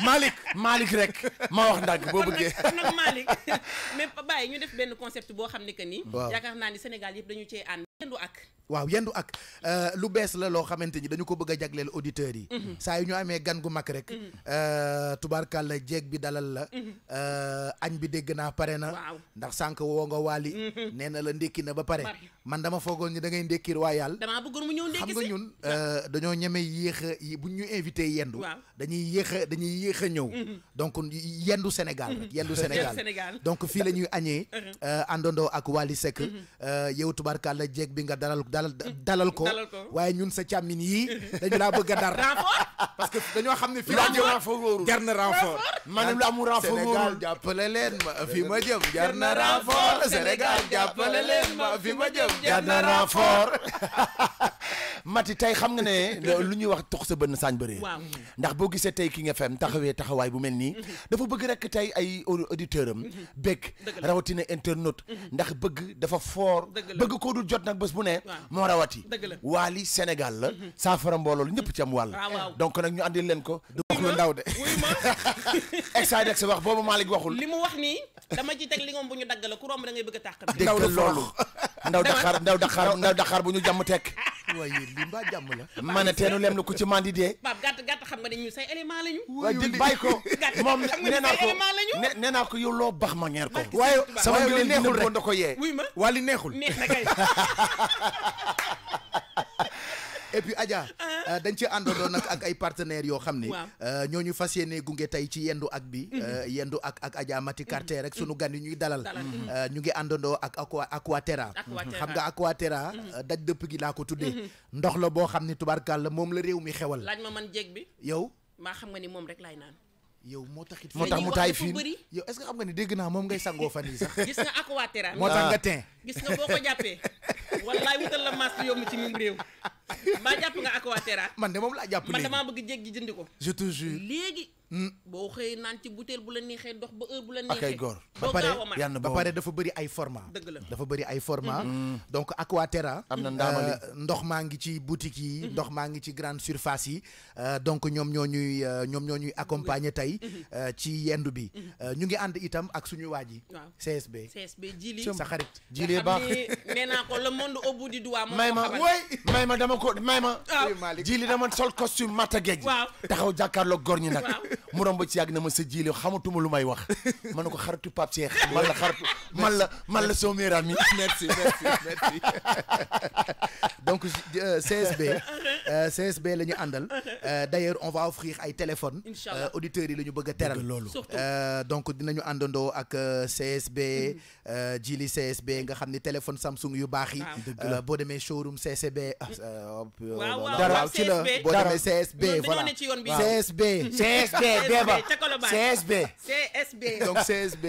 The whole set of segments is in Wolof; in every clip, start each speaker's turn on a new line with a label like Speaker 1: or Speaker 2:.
Speaker 1: Malick Malick rek ma wax ndànk boo bëggee kon
Speaker 2: nag Malick mais bàyyi ñu def benn concept boo xam ne que ni. yaakaar naa ni Sénégal yëpp dañu cee ànd. yendu ak
Speaker 1: waaw yendu ak euh, lu bees la loo xamante ni dañu ko bëgg a jagleel auditeurs yi mhm. saa yu ñu amee gan gu mag rek mhm. euh, la jeeg bi dalal la mhm. euh, añ bi dégg naa pare na ndax sànq woo nga waali nee na la ndékki na ba pare man dama foogoon ni da ngay ndékkir waa yàlla
Speaker 2: damaa bëggoon mu ñëw ndékki si xam nga ñun
Speaker 1: dañoo ñeme yéex a bu ñu invité yendu dañuy yéex dañuy yéex a ñëw donc yendu Sénégal yendu Sénégal donc fii la añee àndandoo ak Waly Seck yow tubaarkàlla jeeg néeg nga dalal dalal mm. dalal ko waaye ñun sa càmmin yii dañu laa bëgg a dar parce que dañoo xam ne fii renfort wóorul jar na renfort maanaam lu amul renfort ma fi ma jëm jar na renfort Sénégal
Speaker 3: ma fi ma jëm jar na
Speaker 4: Mati tey xam nga ne lu ñuy wax tox sa bënn saañ bëree ndax boo gisee tey King FM taxawee taxawaay bu mel nii dafa bëgg rek tey ay auditeur am mhm. bëgg rawatina internet mhm. ndax bëgg dafa fort bëgg koo dul jot nag bés bu ne moo rawati waali Sénégal la mhm. saafara mbooloolu ñëpp ci am wàll ah, donc nag ñu àndil leen ko du wax lu ndaw de exsa deg sa wax boobu Malick waxul li
Speaker 2: mu wax nii dama ci teg li ngoom bu ñu dagg la ku romb da ngay bëgg a tàq ndaw loolu
Speaker 4: ndaw daxaar ndaw daxaar daxaar bu ñu jàmm tekk lii mbaa jàmm la. ma ne teenu lem la ku ci mandi dee.
Speaker 2: Pape gàtt gàtt xam nga ne ñun say élément lañu. waa jël bàyyi ko. gàtt moom nee naa ko
Speaker 4: nee naa ko yow loo baax ma ngeer ko. waaye sama ngi leen neexul rek da ko yee. wuy ma waa li neexul neex na kay.
Speaker 1: et puis Adja euh, dañ ci àndandoo nag ak ay partenaires yoo xam ne euh, ñoo ñu fas yéene gunge tey ci yendu ak bi mhm. euh, yendu ak ak Adja Mati Carter mhm. rek sunu gan yi ñuy dalal mhm. ñu ngi àndandoo ak aqua Aquaterra xam nga ak Aquaterra daj dëpp gi laa ko tuddee ndox la boo xam ne tubaarkàll la moom la réew mi xewal laaj
Speaker 2: ma man jeeg bi yow maa xam nga ni moom rek laay naan yow moo taxit moo tax mu taay fii
Speaker 1: yow est-ce que xam nga ni dégg naa moom ngay sangoo fan yi sax gis nga
Speaker 2: Aquaterra moo tax mbaa jàpp nga Aquaterra. man de moom laa jàpp man damaa bëgg jéggi jëndi ko. je te léegi. Hmm. boo xëyee naan ci butéel bu la neexee dox ba heure bu la neexee. ok góor ba pare ba pare dafa bëri
Speaker 1: ay format dëgg la dafa bëri ay format hmm. Hmm. donc Aquaterra. am na ndaamali euh, ndox maa ngi ci boutique yi. ndox maa ngi ci grande surface yi. Euh, donc ñoom ñoo ñuy euh, ñoom ñoo ñuy accompagner tey. ci yendu bi. ñu ngi ànd itam ak suñu waa ji. waaw CSB.
Speaker 2: CSB
Speaker 4: jili sa xarit. jili baax nee naa ko le monde au du doigt. may may ma dama ko may ma. Ah. jiili dama sol costume Mata Géej. waaw taxaw jàkkaarloog góor ñi nag. mu romb ci yàgg na ma sa jiili xamatuma lu may wax. ma ne ko xaritu Pape Cheikh. man la xaritu man la man la soo meeraam yi. donc
Speaker 1: euh, CSB. Uh-huh. Euh, CSB la ñu àndal. Uh-huh. Euh, d'ailleurs on va ay téléphones. incha auditeurs yi la ñu bëgg a teral. loolu donc dinañu àndandoo ak CSB. Mm-hmm. jiili CSB nga xam ne téléphone Samsung yu baax yi. boo demee showroom CSB. Wow, wow, dara ci la boo demee CSB voilà ci yoon bi CSB CSB Beba CSB CSB donc CSB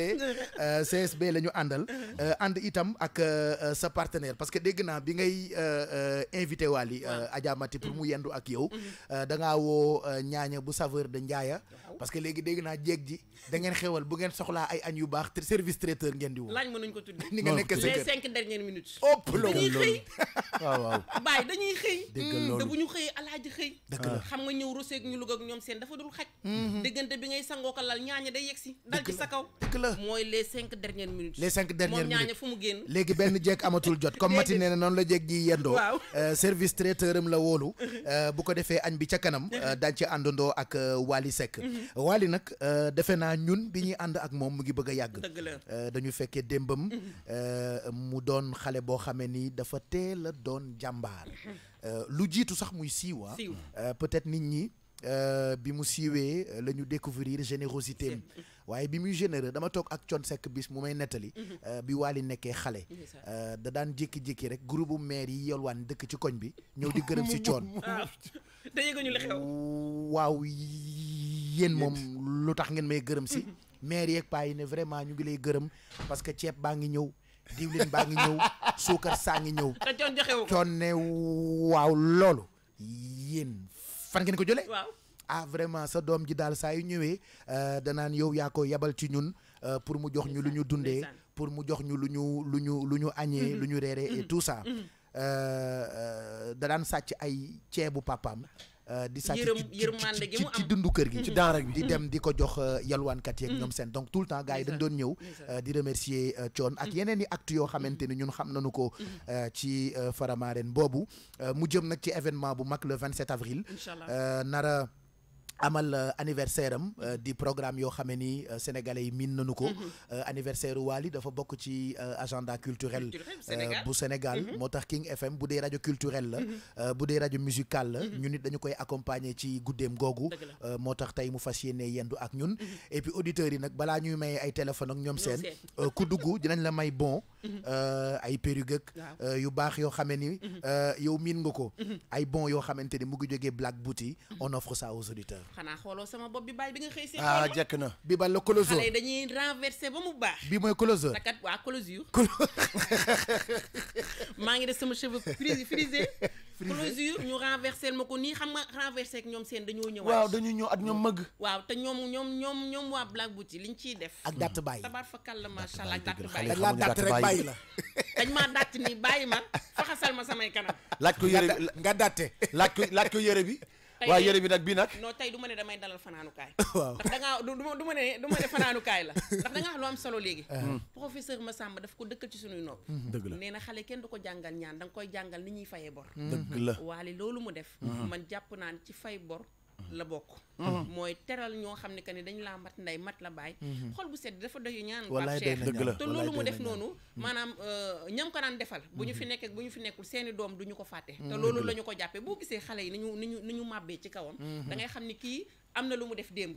Speaker 1: CSB la ñu àndal ànd itam ak sa partenaire parce que dégg que bi ngay invité Wally Adja Mati pour mu yendu ak yow da ngaa woo ñaaña bu saveur de Ndiaaya parce que léegi dégg naa jéeg ji da ngeen xewal bu ngeen soxlaa ay añ yu baax service traiteur ngeen di woo
Speaker 2: laaj mënuñ ko tudd ni nga nekk sa kër les cinq dernières minutes ëpp loolu dañuy xëy waaw waaw bàyyi dañuy xëy xëy te mm, bu ñu xëyee alaaji xëy xam nga ñëw roseeg ñu lug ak ñoom seen dafa dul xaj mm-hmm. diggante bi ngay sangoo ko lal ñaaña day yegsi dal ci sa kaw mooy les cinq dernières minutes
Speaker 1: les cinq dernières minutes moom ñaaña fu mu génn léegi benn jekk amatul jot comme mati nee na noonu la jeeg ji yendoo euh, service traiteur am la wóolu euh, bu ko defee añ bi ca kanam euh, dañ ci àndandoo ak Wally Seck mm-hmm. Wally nag defe naa ñun bi ñuy ànd ak moom mu ngi bëgg a yàgg dañu fekkee démbam mm-hmm. mu doon xale boo xamee nii dafa teel a doon jàmbaar Euh, lu jiitu sax muy siiwa ah. euh, peut-être nit ñi euh, bi mu siiwee lañu ñu découvrir générosité am waaye bi muy généreux dama toog ak coon Seck bis mu may nettali mhm. bi Wally nekkee xale da daan jékki-jékki rek groupe maire yi yolwaan dëkk ci koñ bi ñëw di gërëm si Thione ah. li waaw yéen moom lu tax ngeen may gërëm si mhm. maire yeeg paa yi ne vraiment ñu ngi lay gërëm parce que ceeb baa ngi ñëw diwlin baa ngi ñëw suukar saa ngi ñëw. te coon joxewu ne waaw loolu. yéen fan ngeen ko jëlee. waaw ah vraiment sa doom ji daal saa yu ñëwee euh, danaan yow yaa ko yabal ci ñun euh, pour mu jox ñu lu ñu dundee pour mu jox ñu lu ñu lu ñu lu ñu añee mm-hmm. lu ñu reere et mm-hmm. tout ça. Mm-hmm. Euh, da daan sàcc ay ceebu pàppam Euh, di sàcc
Speaker 2: ci ci dundu kër gi ci denrée di mm-hmm. dem
Speaker 1: di ko jox euh, yalwaankat yeeg mm-hmm. ñoom seen donc tout le temps gars dañ doon ñëw euh, di remercier Thione ak mm-hmm. yeneen i actes yoo xamante ni ñun xam nañu ko ci Faramaren boobu mu jëm nag ci événement bu mag le 27 avril nara amal euh, anniversaire euh, du programme yo xamee ni euh, sénégalais min miin nañu ko. Mhm. anniversaire Wally dafa bok ci agenda culturel. bu Sénégal mhm. motax King FM boudé radio culturelle, culturel la. musicale, mhm. dee musical la. ñu nit dañu koy accompagner ci guddeem gogou motax tay mu fas yendu ak ñun. et puis auditeur yi nak bala ñuy may ay téléphone ak ñom seen. ku duggu dinañ la may bon. ay perruque ak yu bax yo xamee ni. yow min nga ko. ay bon yo xamante ni mu ngi joggé Black booty, on offre ça aux auditeurs.
Speaker 2: Je xolo sama bob bi bay bi nga xëy
Speaker 4: ah bi bal xale
Speaker 2: dañuy renverser ba mu ba bi moy takat wa ngi sama cheveux frisé frisé. ñu renverser mako ni xam nga ak waaw waaw te Black liñ def.
Speaker 4: ak fa waa yëre bi nag bii nag
Speaker 2: noo tey du ma ne damay dalal fanaanukaay waaw ndax da ngaa du ma ne du ma fanaanukaay la ndax da nga lu am solo léegi ah. hmm. professeur sàmm daf ko dëkkal ci suñuy nopp hmm. dëgg la nee na xale kenn du ko jàngal ñaan da nga koy jàngal ni ñuy fayee bor hmm. dëgg la waale loolu mu def man jàpp naan ci fay bor la bokk mm-hmm. mooy teral ñoo xam ne que ni dañ laa mat nday mat la baay mm-hmm. xol bu sedd dafa doyu ñaan Pape Cheikh te loolu mu def noonu mm-hmm. maanaam euh, ñam ko daan defal bu ñu fi nekkee bu ñu fi nekkul seeni doom du ñu ko fàtte te loolu la ñu ko jàppee boo gisee xale yi nañu nañu màbbee ci kawam da xam ni kii am na lu mu def démb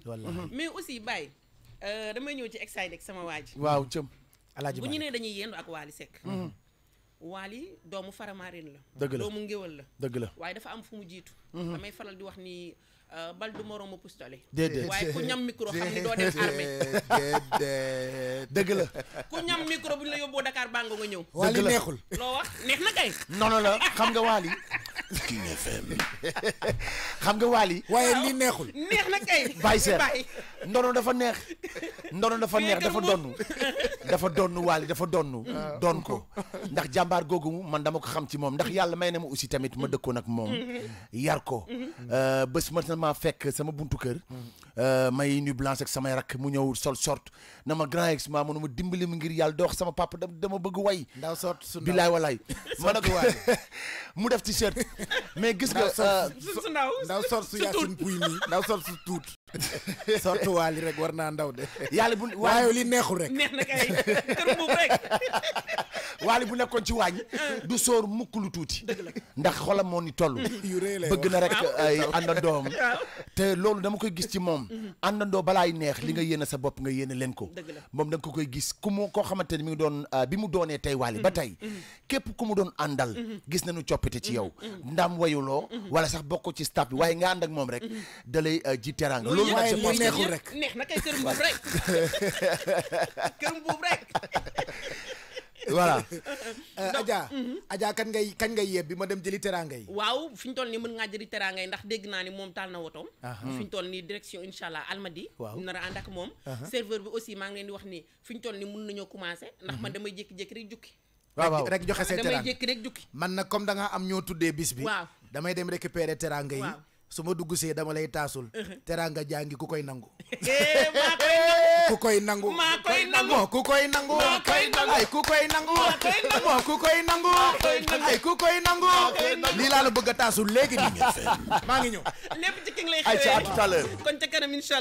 Speaker 2: mais aussi Baye euh, damay ñëw ci excité sama waa ji
Speaker 4: waaw cëm alaaji bu ñu nee dañuy
Speaker 2: yendu ak Waly Seck Waly doomu Faramareen la dëgg la doomu ngéwal la dëgg la waaye dafa am fu mu jiitu damay faral di Euh, bal du moroomu pistolet. déedéet waaye ku ñam micro xam ni doo dem armée. dëgg la. ku ñam micro bu ñu la yóbboo Dakar bàngo nga ñëw. dëgg la loo wax neex na kay. noonu xam nga waali
Speaker 4: King FM. xam nga waal yi. waaye lii neexul.
Speaker 2: neex na kay. bàyyi
Speaker 4: ndono dafa neex. ndono dafa neex dafa donnu. dafa donnu waal dafa donnu. Ah. doon ko ndax jàmbaar googu man dama ko xam ci moom ndax yàlla may na ma aussi tamit ma dëkkoon ak moom. Mm-hmm. yar ko. Mm-hmm. Euh, bés ma fekk sama buntu kër. Mm-hmm. Euh, may nu blanche ak samay rakk mu ñëw sol sort na ma grand ex maa nu ma dimbali mu ngir yàlla doox sama papa dama bëgg way ndaw sort su bilaay walaay ma ne mu def t-shirt mais gis nga sa sort euh, su yaasin puy ndaw su tuut sort waali rek war naa ndaw de yàlla bu waaye li neexul rek
Speaker 2: rek
Speaker 4: waali bu nekkoon ci waañ du sóor mukk lu tuuti ndax xolam moo ni toll bëgg na rek ay àndandoom te loolu dama koy gis ci moom mhm. àndandoo balaay neex li nga mhm. yéene sa bopp nga yéene leen ko moom da nga koy gis ku mu koo xamante ni mi ngi doon ah, bi mu doonee tey waali ba mhm. tey képp ku mu doon àndal gis nañu coppite ci yow ndam wayuloo wala sax bokk ci staff bi waaye nga ànd ak moom rek da lay ah, ji teraanga loolu nag je neexul rek
Speaker 2: voilà.
Speaker 1: Euh, Adja mhm. Adja kañ ngay kañ ngay yebbi ma dem jëli teraanga yi.
Speaker 2: waaw fi ñu toll nii mën ngaa jëli teraanga yi ndax dégg naa ni moom taal na wotoom. fi ñu toll nii direction incha allah almadi. waaw nar a ànd ak moom. serveur bi aussi maa ngi di wax nii fi ñu toll nii mun nañoo commencé. ndax man mhm. damay jékki-jékki rek jukki. waaw waaw rek joxe seen teraanga damay jékki rek jukki.
Speaker 1: man nag comme dangaa am ñoo tuddee bis bi. waaw damay dem récupérer teraanga yi. su ma dugg see dama lay taasul. teraanga jàngi ku koy nangu.
Speaker 5: nangu.
Speaker 1: ku koy nangu. maa nangu. ku koy nangu. maa ku koy nangu. ay ku koy nangu. lii laa la bëgg a taasul léegi nii. maa ngi ñëw.
Speaker 2: lépp ci ki lay xewee. kon ca kanam incha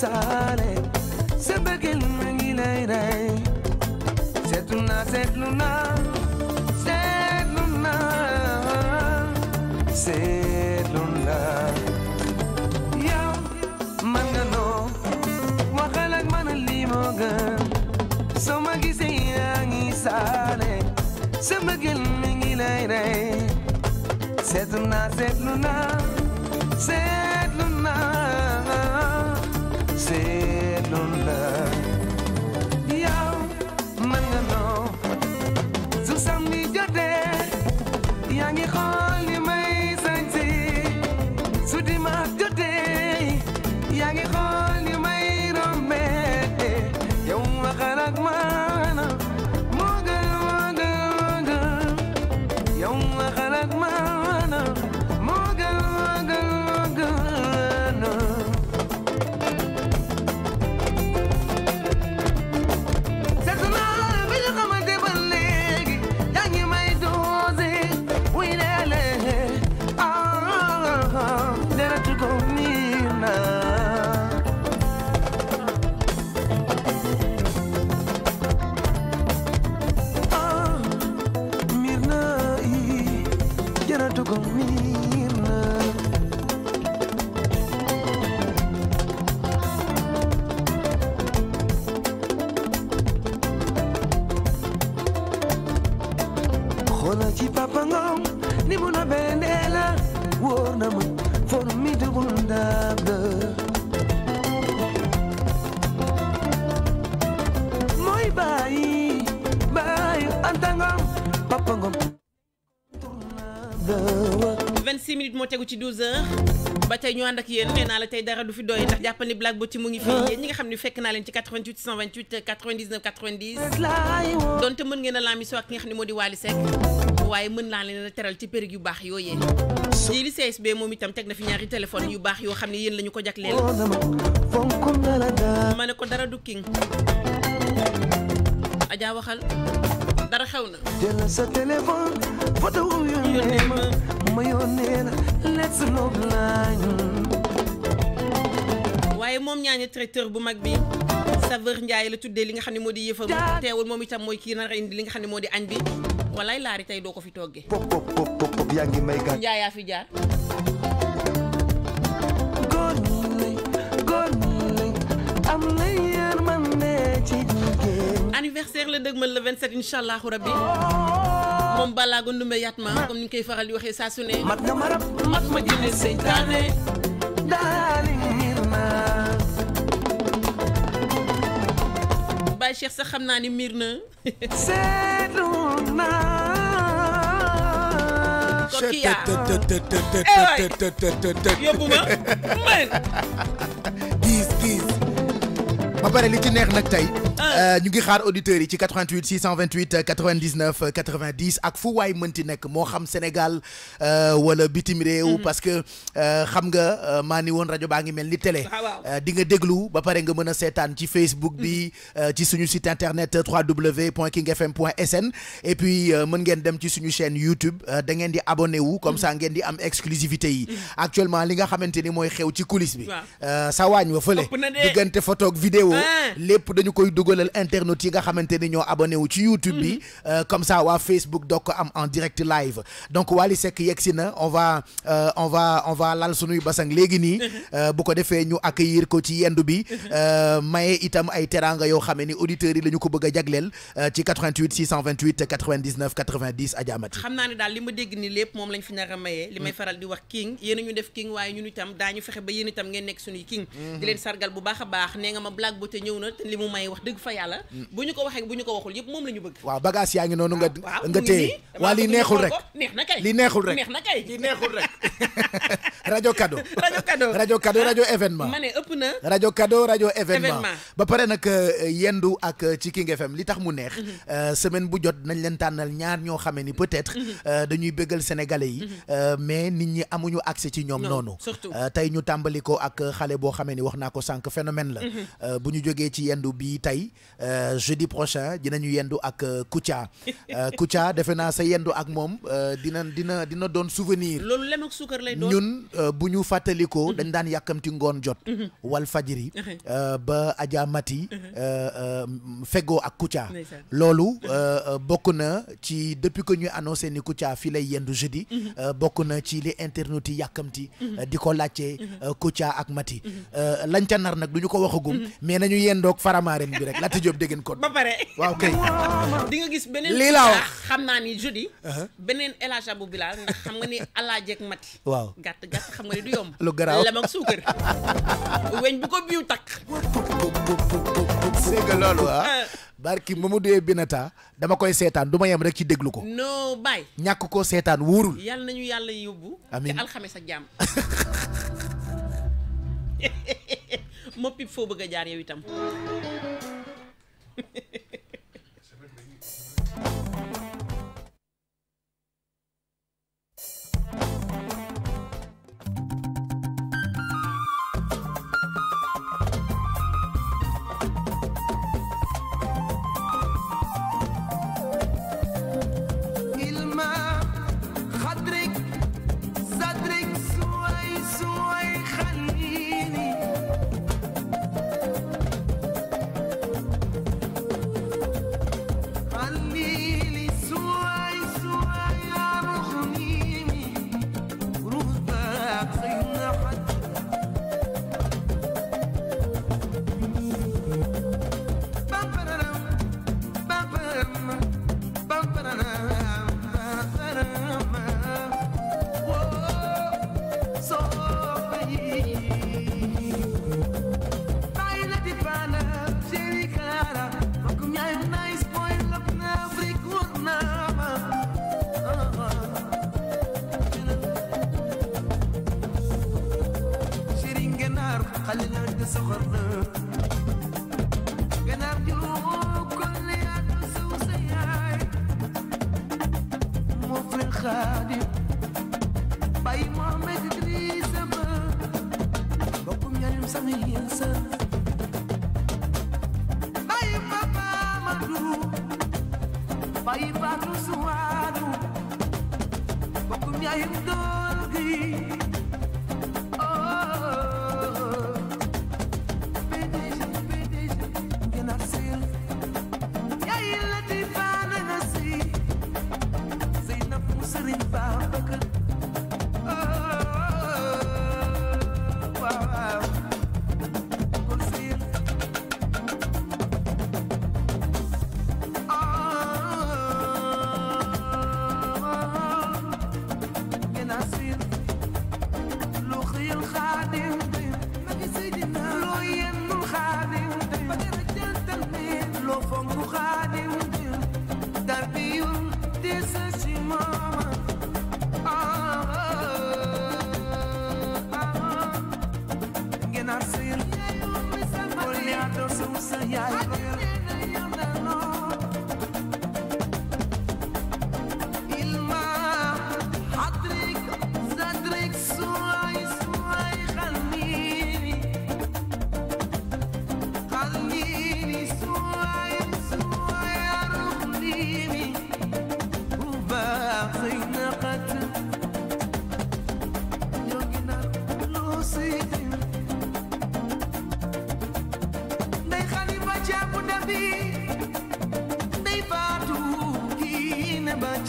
Speaker 3: saale sa bëggeel ma ngi lay rey seetlu naa seetlu naa seetlu man nga lii moo gën soo ma gisee yaa ngi saale sa bëggeel ma
Speaker 2: tegu ci 12h ba tey ñu ànd ak yéen nee naa la tey dara du fi doy ndax jàppal ni Black mu ngi fi yéen ñi nga xam ne fekk naa leen ci 88 128 mën ngeen a laamisoo ak nga xam ne moo di Wally Seck waaye mën naa leen a teral ci périg yu baax yooyee lii li CSB moom itam teg na fi ñaari téléphone yu baax yoo xam ne yéen la ñu ko jagleel
Speaker 3: ma ne ko dara du king ma yónnee na let's love line
Speaker 2: waaye moom ñaañu traiteur bu mag bi Saveur Ndiaye la tuddee li nga xam ne moo di yëfam teewul moom itam mooy kii nar li nga xam ne moo di añ bi walaay laari tey doo ko fi toggee pop pop
Speaker 6: pop pop yaa ngi may gàtt
Speaker 3: Ndiaye fi jaar góor ñi lay góor ñi lay am lay yërmande ci anniversaire
Speaker 2: la dëgmal le 27 incha allahu rabbi moom balaago ndumbe yat ma comme ni ñu koy faral di waxee saa su ne mat nga ma rab mat ma jinne seytaane daali ngir naa Baye Cheikh sax xam naa ni miir na
Speaker 3: seetlu naa kokiya yóbbu ma man
Speaker 1: ba pare li ci neex nag tey euh, ñu ngi xaar auditeurs yi ci 88 628 99 90 ak fu waay mënti nekk moo xam Sénégal euh, wala bitim réew. Mhm. parce que euh, xam nga maa ni woon rajo baa ngi mel ni télé. Ah, di nga déglu ba pare nga mën a ci Facebook bi mhm. ci suñu site internet www.kingfm.sn et puis mën ngeen dem ci suñu chaîne YouTube da ngeen di abonné wu comme mhm. ça ngeen di am exclusivité yi actuellement li nga xamante ni mooy xew ci coulisse bi. sa waañ wa fële diggante photo ak vidéo vidéo hein? lépp dañu koy dugalal internautes yi nga xamanteni ñoo abonné wu ci YouTube bi mhm. euh, comme ça à Facebook doog am en direct live donc Wally yexina na on va euh, on va on va lal sunuy basang léegi nii mhm. euh, bu ko défé ñu accueillir ko ci yendu bi mhm. mayé itam ay teraanga yo xamé ni auditeur yi lañu ko bëgg ci 88 628 99 90 Adjamati
Speaker 2: xamna ni dal limu dégg ni lépp mom lañ fi na a maye mm. faral di wax king yéen ñu def king way ñun itam dañu fexé ba yéen itam ngeen nek sunuy king mm-hmm. di leen sargal bu baax a baax nga ma blague beauté ñëw na te li mu may wax dëgg fa yàlla mm. bu ñu ko waxee bu ñu ko waxul yëpp moom la bëgg
Speaker 1: waaw bagage yaa ngi nga ah, nga téye waa li neexul rek
Speaker 2: neex na kay li neexul rek neex na kay li neexul rek
Speaker 1: rajo cadeau rajo cadeau rajo cadeau rajo ah, événement ma ne ëpp na rajo cadeau rajo événement ba pare nag euh, yendu ak euh, ci King FM li tax mu neex mm-hmm. euh, semaine bu jot nañ leen tànnal ñaar ñoo xamee ni peut-être mm-hmm. dañuy bëggal sénégalais yi mm-hmm. mais nit ñi amuñu accès ci ñoom noonu tey ñu tàmbali ak xale boo xamee ni wax naa ko sànq phénomène la bu ñu jógee ci yendu bi tey euh, jeudi prochain dinañu yendu ak euh, Kouthia euh, Kouthia defe naa sa yendu ak moom dina dina dina doon souvenir. loolu
Speaker 2: lem ak ñun
Speaker 1: bu ñu fàttalikoo. Mhm. dañ daan yàkkamti ngoon jot. Mhm. wal fajiri. Mhm. ba Adja Mati. fegoo ak Kouthia. loolu bokk na ci depuis que ñu annoncé ni Kouthia fii lay yendu jeudi. bokk na ci li internet yi yàkkamti. di ko laajte Kouthia ak Mati. lañ nag du ñu ko waxagum. mais nañu yendoog faramaaren bi rek Latyr Diop dégg ko. ba pare waaw kay.
Speaker 2: di nga gis beneen. lii xam naa ni jeudi. Uh-huh. beneen El Hadj Abou ndax xam nga ni alaaji ak mati. waaw gàtt gàtt xam nga ni du yomb.
Speaker 1: lu garaaw lem ak suukar
Speaker 2: weñ bu ko biiw takk.
Speaker 1: c'est que loolu ah. Uh. Binata dama koy seetaan du ma yem rek ci déglu ko.
Speaker 2: non bàyyi.
Speaker 1: ñàkk koo seetaan wóorul.
Speaker 2: yàlla nañu yàlla yóbbu. amiin te alxames ak jàmm. moppib foo bëgg a jaar yow itam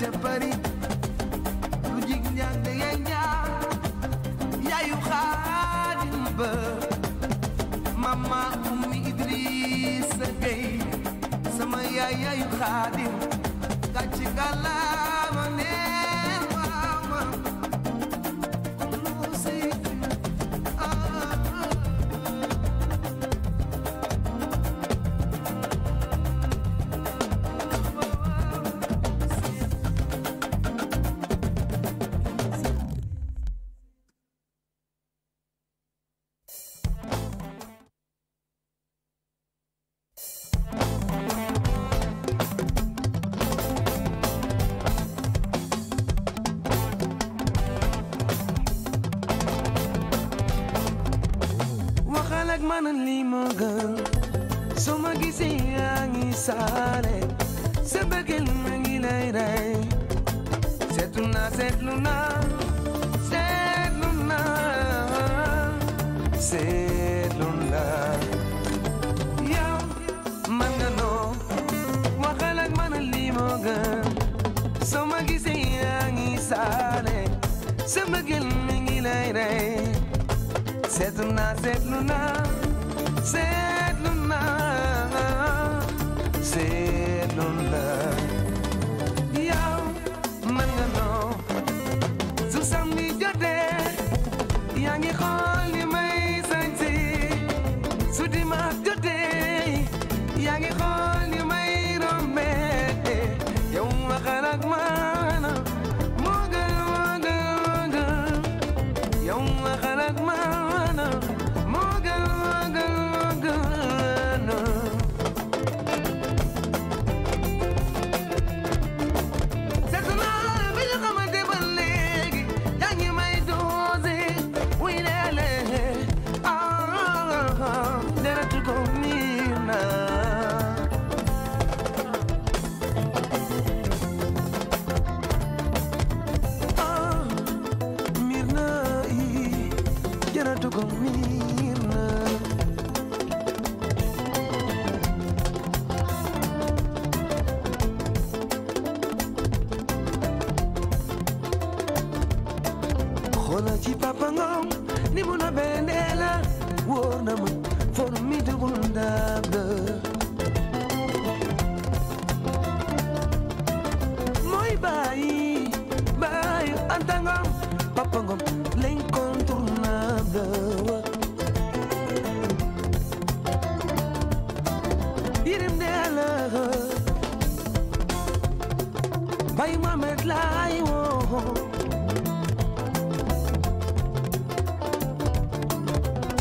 Speaker 3: ca Paris lu jig ñaag da ngay ñaar yaayu xaadim ba mama ummi Idrissa Gueye sama yaay yaayu xaadim gàcc gàllaa pangam ni muna benela wóor na ma formidable ndab la mooy bàyyi bàyyi antangam papa ngom l'incontournable wa yirim dela bay mamet lay woo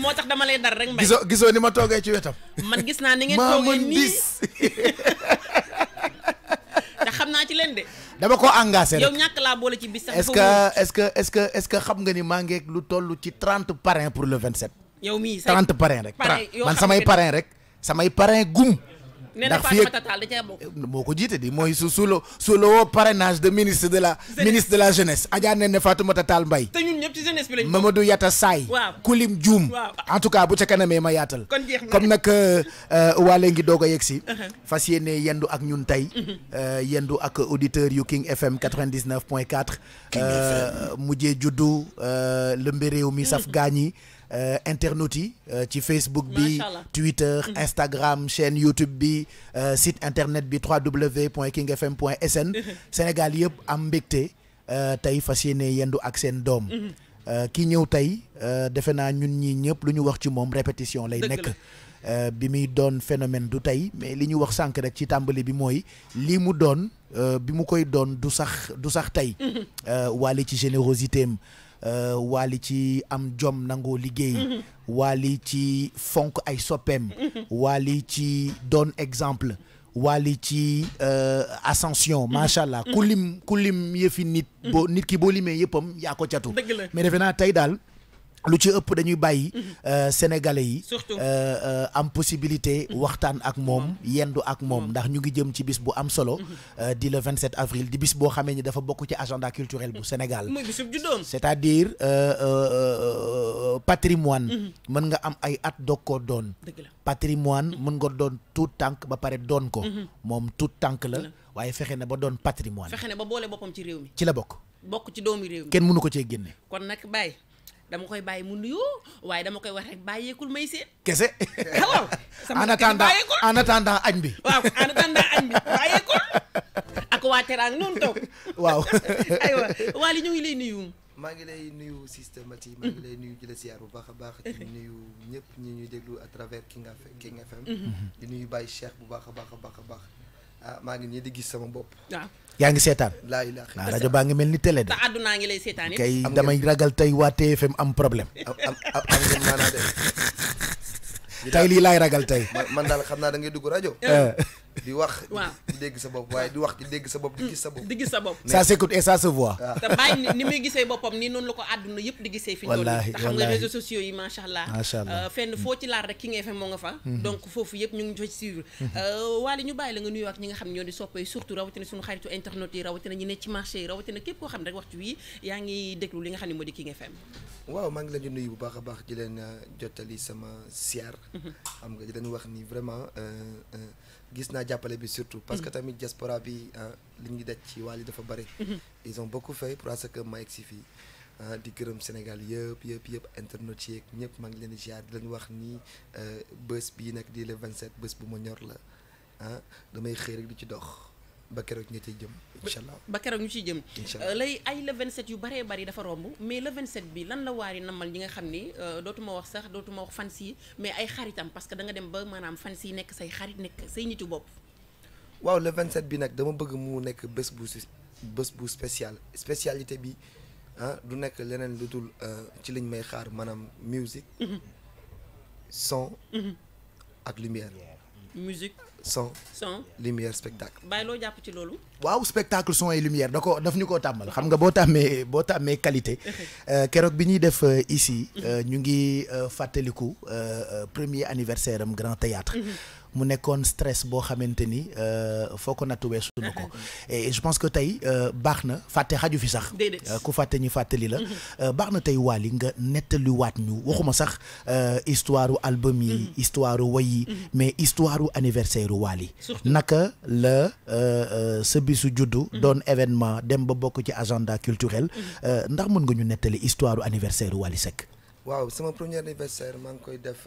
Speaker 2: moo tax dama lay dar rek mbay gisoo
Speaker 1: gisoo ni ma toogee ci wetam
Speaker 2: man gis naa ni ngeen toogee nii te xam naa ci leen de
Speaker 1: dama ko engagé rek yow
Speaker 2: ñàkk laa boole ci bis sax est-ce que
Speaker 1: est-ce que est-ce que est-ce que xam nga ni maa ngeeg lu toll ci trente parrain pour le vingt sept
Speaker 2: yow mii sax trente parrain rek man samay parrain
Speaker 1: rek samay parrain gum ndax fii moo ko jiite di mooy su sulo sulo parrainage de ministre de la ministre de la jeunesse Adja Néné Fatoumata Tall Mbaye te
Speaker 2: ñun ñëpp ci Saay Kulim Dioum
Speaker 1: en tout cas bu ca kanamee ma yaatal comme nag euh, euh, waale ngi doog a yegg si uh-huh. yéene yendu ak ñun tey uh-huh. euh, yendu ak auditeurs yu King FM 99 point 4 mujjee juddu lëmbi réew mi saf uh-huh. gaañi Euh, internautes yi euh, ci Facebook bi Twitter mm. Instagram chaîne YouTube bi euh, site internet bi www.kingfm.sn Sénégal yépp am mbégte tey fas yéene yendu ak seen doom
Speaker 5: mm-hmm.
Speaker 1: ki ñëw tey defe naa ñun ñi ñëpp lu ñu wax ci moom répétition lay nekk bi muy doon phénomène du tay mais li ñu wax sànq rek ci tàmbali bi mooy li mu doon bi mu koy doon du sax du sax tay, mm-hmm. waale ci générosité am Euh, waali ci am jom nangoo liggéey mhm. waali ci fonk ay soppeem mhm. waali ci doon exemple waali ci euh, ascension mhm. macha allah ku lim ku lim yëfi nit boo nit ki boo limee yëppam yaa ko catu mais defe naa daal lu ci ëpp dañuy bàyyi mhm. euh, sénégalais yi euh, euh, am possibilité mhm. waxtaan ak moom yendu ak moom ndax ñu ngi jëm ci bis bu am solo mhm. di le 27 avril di bis boo xamee ni dafa bokk ci agenda culturel bu Sénégal c'est-à-dire patrimoine mën nga am ay at doog koo doon patrimoine mën nga doon tuut tànk ba pare doon ko moom tuut tànk la waaye fexe na ba doon patrimoine fexe
Speaker 2: na ba boole boppam ci réew mi ci la bokk bokk ci doomi réew mi kenn mënu ko cee génne dama koy bàyyi mu nuyu waaye dama koy wax rek bàyyeekul may seen.
Speaker 1: kese. waaw
Speaker 2: sama en attendant
Speaker 1: en attendant añ bi.
Speaker 2: waaw en añ bi bàyyeekul. ak waa teraang noonu toog.
Speaker 6: waaw. aywa waa li ñu ngi lay nuyu. maa ngi lay nuyu systématique maa ngi lay nuyu jële siyaar bu baax a baax nuyu ñëpp ñi ñuy déglu à travers King FM King FM mhm. di nuyu Baye Cheikh bu baax a baax a baax a baax ah maa ngi nii di gis sama bopp. waaw ah. yaa
Speaker 1: ngi seetaan. laa
Speaker 6: ilaaha illallaah rajo baa
Speaker 1: ngi mel ni télé de. te
Speaker 6: àddunaa ngi lay seetaan kay damay
Speaker 1: ragal tey waa TFM am problème.
Speaker 3: am am
Speaker 1: lii laay ragal tey.
Speaker 6: man daal xam naa da ngay dugg rajo. Eh. di wax. waaw di dégg sa bopp waaye di wax di dégg sa bopp di gis sa bopp. Mm, di gis sa bopp. et ça se voit. Ah. te bàyyi ni
Speaker 2: muy gisee boppam ni noonu la ko àdduna yëpp di gisee. fi ñu te xam nga réseaux sociaux yi macha allah. macha allah euh, fenn foo ci laal rek ki nga moo nga fa. Mm-hmm. donc foofu yëpp ñu ngi fa suivre. Euh, waale ñu bàyyi la nga nuyoo ak ñi nga xam ñoo di soppee surtout rawatina suñu xaritu internet yi rawatina ñi ne ci marché yi rawatina képp koo xam ne rek waxtu wi yaa ngi déglu li nga xam ne moo di King FM.
Speaker 6: waaw maa ngi leen a gis naa jàppale bi surtout parce que mm-hmm. tamit diaspora bi hein, li ñuy daj ci wàll dafa bari mm-hmm. ils ont beaucoup fait pour ce que ma egg si hein, di gërëm Sénégal yëpp yëpp yëpp internet yeeg ñëpp maa ngi leen di ziar di leen wax euh bëss bi nak di le 27 bëss bu ma ñor la hein damay xëy rek di ci dox ba keroog ñu ciy jëm incha allah ba keroog ñu ciy jëm euh, lay
Speaker 2: ay le 27 yu baree bari dafa romb mais le 27 bi lan la waari namal ñi nga xam ni euh, dootuma wax sax dootuma wax fans yi mais ay xaritam parce que da nga dem ba maanaam fans yi nekk say xarit nekk say nitu bopp
Speaker 6: waaw le 27 bi nag dama bëgg mu nekk bés bu bés bu spécial spécialité bi ah du nekk leneen lu dul euh, ci lañ may xaar maanaam musique mhm. son mhm. ak lumière musique son. son lumière
Speaker 1: spectacle.
Speaker 2: baylo japp ci lolu
Speaker 1: waaw spectacle son et lumière dako daf ñu koo tàmmal xam nga bo tamé bo tamé qualité. kérok euh, bi ñuy def euh, ici. Euh, ñu ngi fateliku premier anniversaire am Grand Théâtre. Mhm mu nekkoon stress boo xamante ni euh, foo ko nattu weesu na ko et je pense que tey euh, baax na fàtte xaju fi sax euh, ku fàtte ñu fàttali la baax na tey Wally nga nettaliwaat ñu waxuma sax histoire album yi mm-hmm. histoire way yi mm-hmm. mais histoire anniversaire Wally naka la sa bisu juddu mm-hmm. doon événement dem ba bokk ci agenda culturel ndax mën nga ñu nettali histoire anniversaire Wally sek
Speaker 6: waaw sama premier anniversaire maa ngi koy def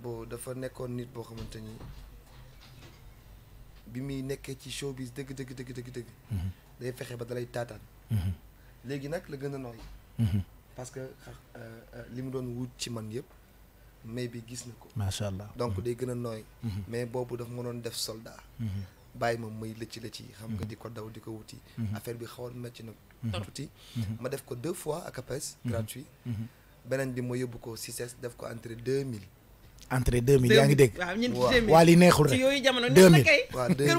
Speaker 6: bon dafa nekkoon nit boo xamante ni bi muy nekkee ci showbiz dëgg dëgg dëgg dëgg dëgg. Mhm. day fexe ba dalay taataan. Mhm. léegi nag la gën a nooy. Mhm. parce que euh, euh, li mu doon wut ci man yëpp mais bi gis nako machallah donc day gëna noy mais bobu daf ma doon def soldat. bàyyi ma may lëcc lëcc xam nga diko daw diko ko wuti. affaire bi xawoon métti nag. tuuti ma def ko deux fois ak APS. gratuit benen bi ma yóbbu ko CICES def ko entrée 2000 entrée 2000 yaa ngi dégg. waaw ñun ci 2000 waa li neexul rek. ci yooyu jamono neex na kay. waaw 2000 kër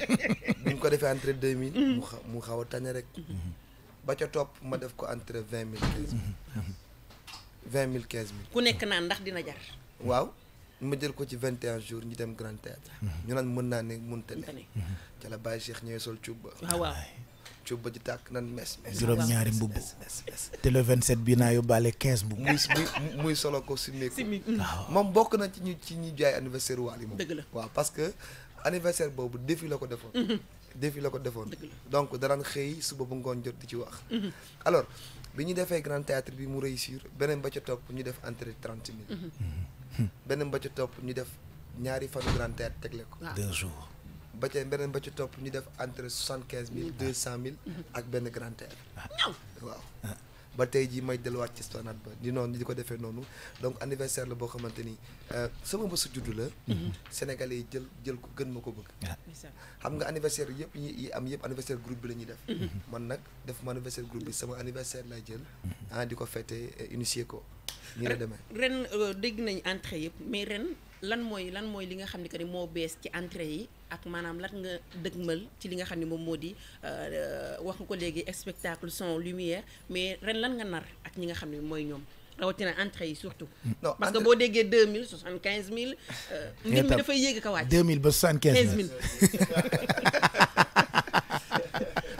Speaker 6: ni ñu ko defee entrée 2000. Mm-hmm. mu mu xaw a tane rek. Mm-hmm. ba ca topp ma def ko entre vingt mille 15 mille 20 mm-hmm. ku nekk naan ndax dina jar. waaw ma jël ko ci vingt 21 jours ñu dem Grand Théâtre ñu naan mën naa ne mënta ne. ca la Baye Cheikh ñëwee sol cuub ci ba ji tàkk nan mes mes juróom-ñaari
Speaker 1: mbubb te le 27 bi naa 15 mbubb
Speaker 6: muy solo ko simmeeku waaw moom na ci ñu ci ñu anniversaire Wally moom Wa parce que anniversaire bobu défi la ko defoon mhm. défi la ko defoon donc daraan xëy suba bu ngoon jot di ci wax mhm. alors biñu défé grand théâtre bi mu réussir benen ba ca top ñu def entrée 30000 mhm. benen ba ca top ñu def ñaari fan grand théâtre tegle ko deux jours ba beneen ba ci topp ñu def entre soixante quinze mille deux cent mille ak benn grand air ba tey jii may delluwaat ci esplanade ba di noonu di ko defee noonu donc anniversaire la boo xamante ni euh, sama bésu juddu la. Mhm. Sénégalais yi jël jël ko gën ma ko bëgg. Ah. xam nga anniversaire yëpp yi am yëpp anniversaire groupe bi la ñuy def. Mhm. man nag def ma anniversaire groupe bi sama anniversaire lay jël mhm. ah, di ko fete initier ko. ñu la demee
Speaker 2: ren euh, dégg nañ entrée yëpp mais ren. lan moy lan moy li nga xamni que mo bes ci entrée yi ak manam lan nga deugmal ci li nga xamni mom modi euh wax nga ko léegi spectacle son lumière mais ren lan nga nar ak ñi nga xam ne mooy ñoom rawatina entrée yi surtout. non parce que bo déggee deux mille soixante euh, quinze mille. mbir ka wàcc. deux ba soixante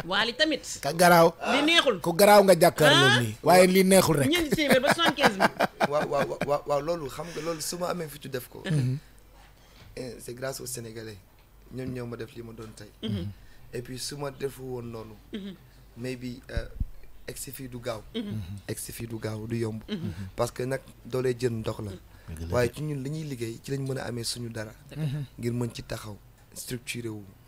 Speaker 2: waali tamit ka
Speaker 1: garaaw li neexul ku garaaw nga jàkkaarloo nii ah. waaye li neexul rek
Speaker 6: ñeenti téeméer ba soixante-quinze mille waaw waaw waaw loolu xam nga loolu su ma amee fu ci def ko mhm. eh, c'est grâce aux Sénégalais ñoom ñëw ma def li ma doon tey mhm. et puis su ma defu woon noonu mhm. maybe euh, egsi fii du gaaw egsi fii du gaaw du yomb parce que nag doolee jën ndox la waaye ci ñu li ñuy liggéey ci lañ mën a amee suñu dara ngir mën ci taxaw structuré wu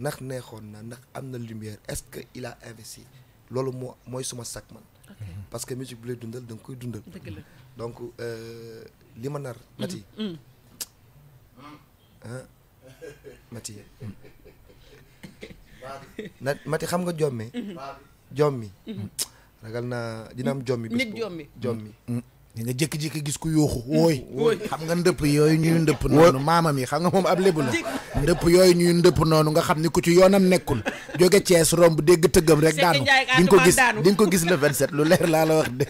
Speaker 6: ndax neexoon na ndax am na lumière est-ce que il investi loolu moo mooy suma sac man parce que musique bu lay dundal danga koy dundal donc euh, li ma nar Mati ah Mati na xam nga jomme jommi mm-hmm. Mm-hmm. ragal naa dina am jommi bis jommi jommi mm-hmm. nga jékki-jékki gis ku yooxu wooy xam nga ndëpp yooyu ñuy ndëpp noonu
Speaker 1: maamam yi xam nga moom ab lébu la ndëpp yooyu ñuy ndëpp noonu nga xam ni ku ci yoonam nekkul jóge Cees romb dégg tëggam rek daanu di nga ko gis di ko gis le 27 lu leer laa la wax de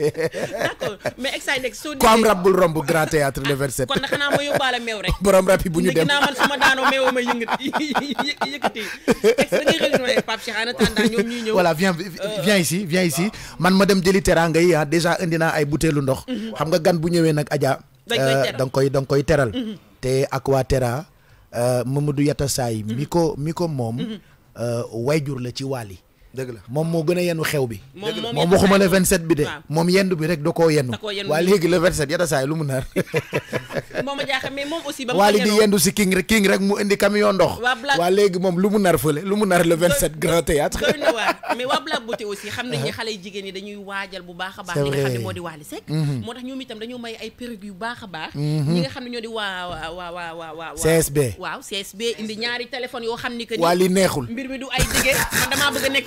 Speaker 2: mais exay nekk soo ko am rab bul
Speaker 1: romb grand théâtre le 27 ah, kon xanaa ma
Speaker 2: yóbbaale meew rek
Speaker 1: borom rab yi bu ñu dem naa
Speaker 2: man su ma daanoo meew ma yëngati yëkkati
Speaker 1: euh, man ma dem jëli teraanga yi ah, déjà indi naa ay butéelu ndox mhm. xam nga gan bu ñëwee nag Adja. da nga koy euh, da nga koy teral. Mm-hmm. te Aquaterra euh, Mamadou Yatassay mi mm-hmm. ko mi ko moom. Mm-hmm. Euh, wayjur la ci waal yi dëgg la moom moo gën a yenu xew bi. moom waxuma le 27 bi de. moom yendu bi rek da koo yendu. waa léegi le 27 yata saay lu mu nar.
Speaker 2: moom a jaaxal mais moom aussi. ba mu di yendu
Speaker 1: si king rek king rek mu indi camion ndox. mu nar fële lu mu nar le 27 grand théâtre. doy
Speaker 2: na waar mais xam nañ ne uh-huh. xale jigéen ñi dañuy waajal bu baax a baax. moo di Wally Seck. Mm-hmm. moo tax ñoom itam dañoo may ay perruque yu baax a baax. Mm-hmm. ñi nga xam ne ñoo di waa waa waa waa waa. CSB waaw CSB indi ñaari téléphone yoo xam ni que. waa li neexul mbir mi du ay dige man damaa bëgg nekk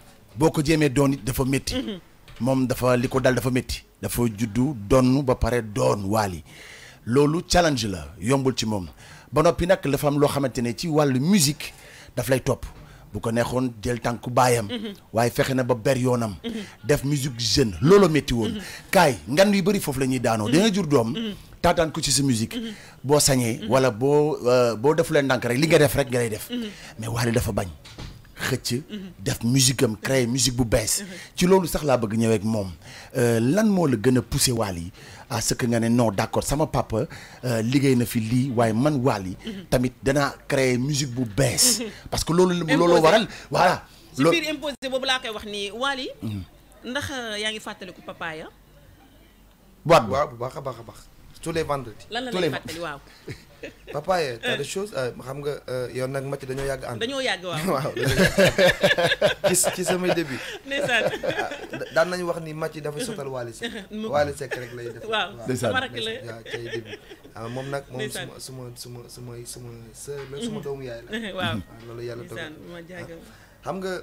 Speaker 4: boo ko jéemee doon it dafa métti mhm. moom dafa li ko dal dafa métti dafa juddu donn ba pare doon waali loolu challenge la yombul ci moom ba noppi nag dafa am loo xamante ne ci wàllu musique daf lay topp bu ko neexoon jël tànku baayam mhm. waaye fexe na ba ber yoonam mhm. def musique jeune looloo métti woon kaay ngan yu bëri foofu la ñuy daanoo danga jur doom taataan ko ci sa musique boo sañee wala boo euh, boo defulee ndànk rek li nga def rek nga lay def mais waali dafa bañ musique créer musique bu tu ci le sax bëgg ak euh, lan poussé à ce que gagne non d'accord m'a papa euh, ligue une fille, ouais man tamit dana créer musique bu parce que lolo lolo waral voilà pire imposé
Speaker 2: avec wax ni wali, euh, papa ya
Speaker 6: les vendredis papaaye eh, tas de eh, chose xam nga eh, yow nag Mathieu dañoo yàgg ànd. dañoo yàgg waaw waaw gis ci samay début. Ah, daan nañu wax ni Mathieu dafa sotal Wally Seck. Wally Seck rek lay def. waaw sama rakk la waaw moom nag moom suma suma suma suma suma sœur la suma loolu yàlla dogal xam nga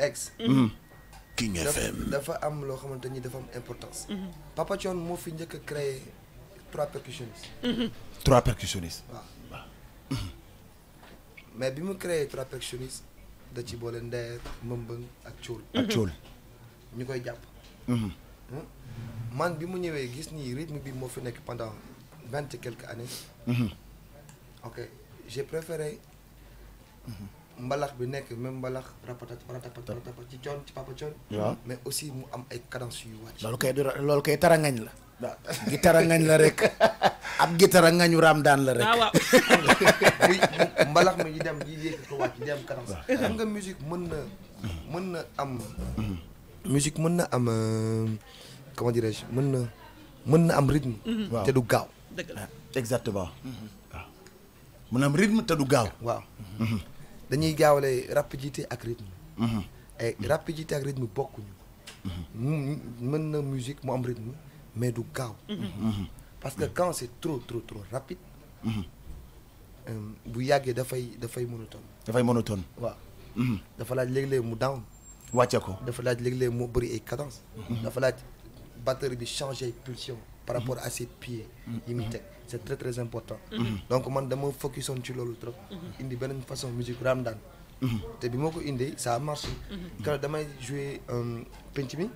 Speaker 6: ex. King FM dafa am loo xamante ni dafa am importance. Papa tu trois percussionnistes. Mhm.
Speaker 4: trois percussionnistes.
Speaker 6: mais quand créé trois percussionnistes de mhm. hmm? et rythme pendant 20 quelques années. Mhm. j'ai préféré. mbalax bi nekk même mbalax rapata rapata rapata ci coon mais aussi mu am ay cadence yu wàcc. loolu kay
Speaker 1: loolu kay tarangañ la. waaw gitarangañ la rek ab gitarangañu raamdaan la rek. ah waaw. mbalax mi ñu
Speaker 6: dem di de ko wàcc di nga musique mën na mën na am. Mm-hmm. musique mën na am euh, comment dirais mën na mën na am rythme. Mm-hmm. waaw te du gaaw. dëgg la ah, exactement. waaw
Speaker 5: mm-hmm.
Speaker 6: ah. am rythme te du gaaw. dañuy gaawale rapidité ak rythme. la mhm. rapidité ak rythme bokkuñu. Mhm. mën na musique mu am rythme mais du gaaw.
Speaker 5: Mhm.
Speaker 6: parce que quand c'est trop trop trop rapide. Euh, bu yàggee dafay dafay monotone.
Speaker 4: dafay monotone. waaw.
Speaker 6: dafa laaj léeg-léeg mu down. wàcce ko dafa laaj léeg ay cadence. laaj batterie bi changer pulsion. par rapport à ses pieds. yi c'est très très important. Mhm. donc man dama focus on ci loolu trop. Mhm. indi beneen façon musique Raamdaan. Mhm. te bi moo ko indee ça a marché. quand damay joué euh, penc mi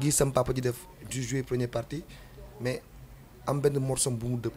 Speaker 6: gis sam papa ji def du jouer première partie mais am benn morceau bu mu dëpp.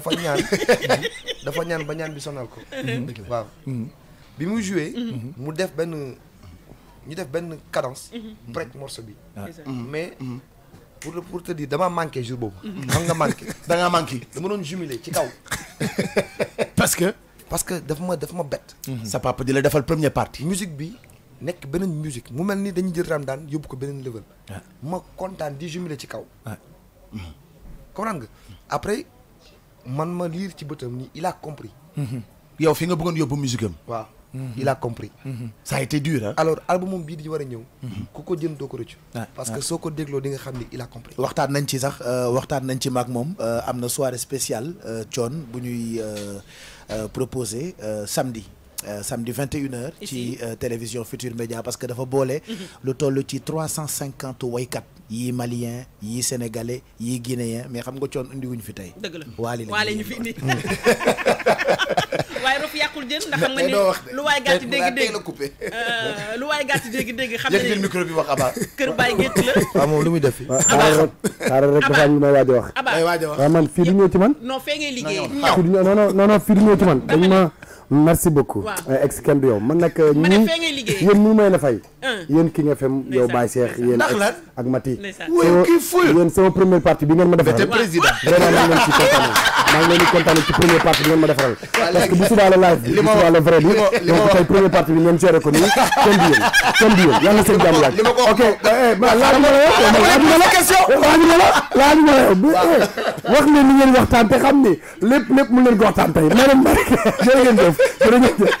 Speaker 6: dafa ñaan dafa ñaan ba ñaan bi sonal ko waaw mm-hmm. bi mu joué mm-hmm. mu def ben ñu def ben cadence break mm-hmm. morceau bi ah. mais pour pour te dire dama manqué jour boobu xam nga manqué nga manqué dama non jumelé ci kaw parce que parce que dafa ma dafa ma bête sa papa di la defal première partie musique bi nek benen musique mu melni ni dañuy jël ramdan yóbbu ko benen level ah. ma kontaan di jumelé ci kaw ah. comprendre nga après man ma lire ci bëtam ni il a compris.
Speaker 4: Mm-hmm. yow fi nga bëggoon yóbbu musique am. waaw mm-hmm. il a compris. Mm-hmm. ça a été dur hein. alors
Speaker 6: album bi di war a ñëw. ku ko jënd doo ko rëccu. Ah, parce que ah. soo ko dégloo di nga xam ni il a compris.
Speaker 1: waxtaan nañ ci sax euh, waxtaan nañ ci maak moom euh, am na soirée spéciale euh, Thione bu ñuy proposé samedi. Euh, samedi 21h. ci euh, télévision Futur Média parce que dafa bolé mhm. lu le ci 350 waykat. yi malien yi sénégalais yi guinéen mais xam nga la fi
Speaker 6: xam nga merci beaucoup waaw eh, ex kenn
Speaker 4: yow man nag. Eh, ma ne fee may na fay. yéen King FM yow Baye Cheikh yéen ak Mati. wóyoo kii ful yéen bi ngeen ma defaral. vraiment
Speaker 6: maa bi ngeen ma defaral. parce que bu subaa la live bi bu subaa
Speaker 4: la vrai bi donc tey première ko nii kenn du yéen kenn du yéen yàlla eh, laaj. ok la yow laajuma la yow wax leen li ngeen waxtaan te xam ni lépp lépp mu leen ko waxtaan tey ma ne ma jërë ngeen jëf jërë ngeen jëf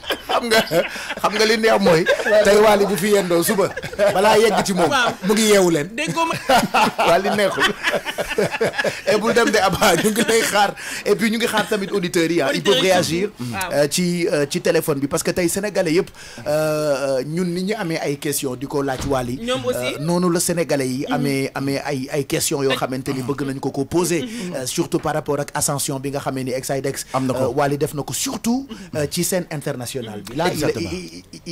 Speaker 1: xam nga xam nga li neex mooy. tey Wally bu fi yendoo suba balaa yegg ci moom. mu ngi yeewu leen. dégg neexul. et bul dem de Abba ah ñu ngi lay xaar et puis ñu ngi xaar tamit auditeurs yi il ah, ils peuvent réagir. Euh, ci euh, ci téléphone bi parce que tey sénégalais yëpp euh, ñun ni ñi amee ay questions di ko laaj Wally. ñoom aussi noonu la sénégalais yi. amee amee ay ay questions yoo xamante ni bëgg nañ ko ko poser. Mhm. surtout par rapport ak ascension bi nga xamee ni Exidex. am na ko Wally def na ko surtout ci scène internationale bi. Là,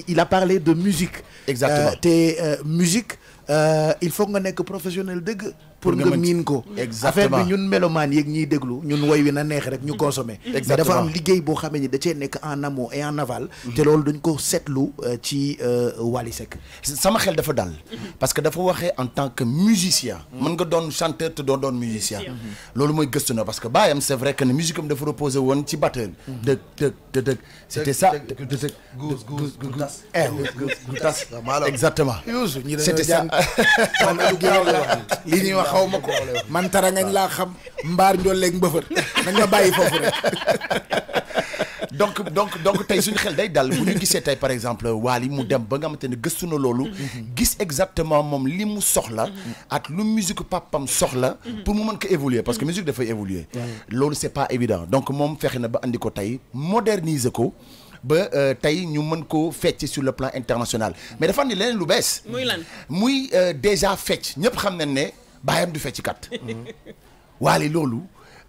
Speaker 1: Il, a parlé de musique. Exactement. Euh, euh musique, euh, il faut que professionnel de pour nga exactement ko affaire ñun nous wi na neex rek ñu consommer dafa am ni da en et en aval
Speaker 4: mhm. ko euh, ci euh, mhm. parce que dafa en tant que musicien man mhm. nga chanteur te musicien parce que c'est vrai que la musique ci batteur de de de. c'était ça de exactement c'était ça
Speaker 1: xaw ko man tara ngañ la xam mbaar njolleeg mbëfër
Speaker 5: nañ ma bàyyi foofu rek
Speaker 4: donc donc donc tay suñu xel day dal bu ñu gisee tey par exemple Wally mu dem ba nga xamante ne gëstu na loolu mhm. gis exactement mom li mu soxla mhm. at lu musique papam soxla mhm. pour mu mën ko évoluer parce que musique da fay évoluer lolu c'est pas évident donc mom fexe na ba andi ko tay moderniser ko ba euh, tay ñu mën koo fecc sur le plan international mais dafa am ni leneen lu bees muy lan muy euh, déjà fecc ñëpp xam nañ ne baayam du fecc kat. waale loolu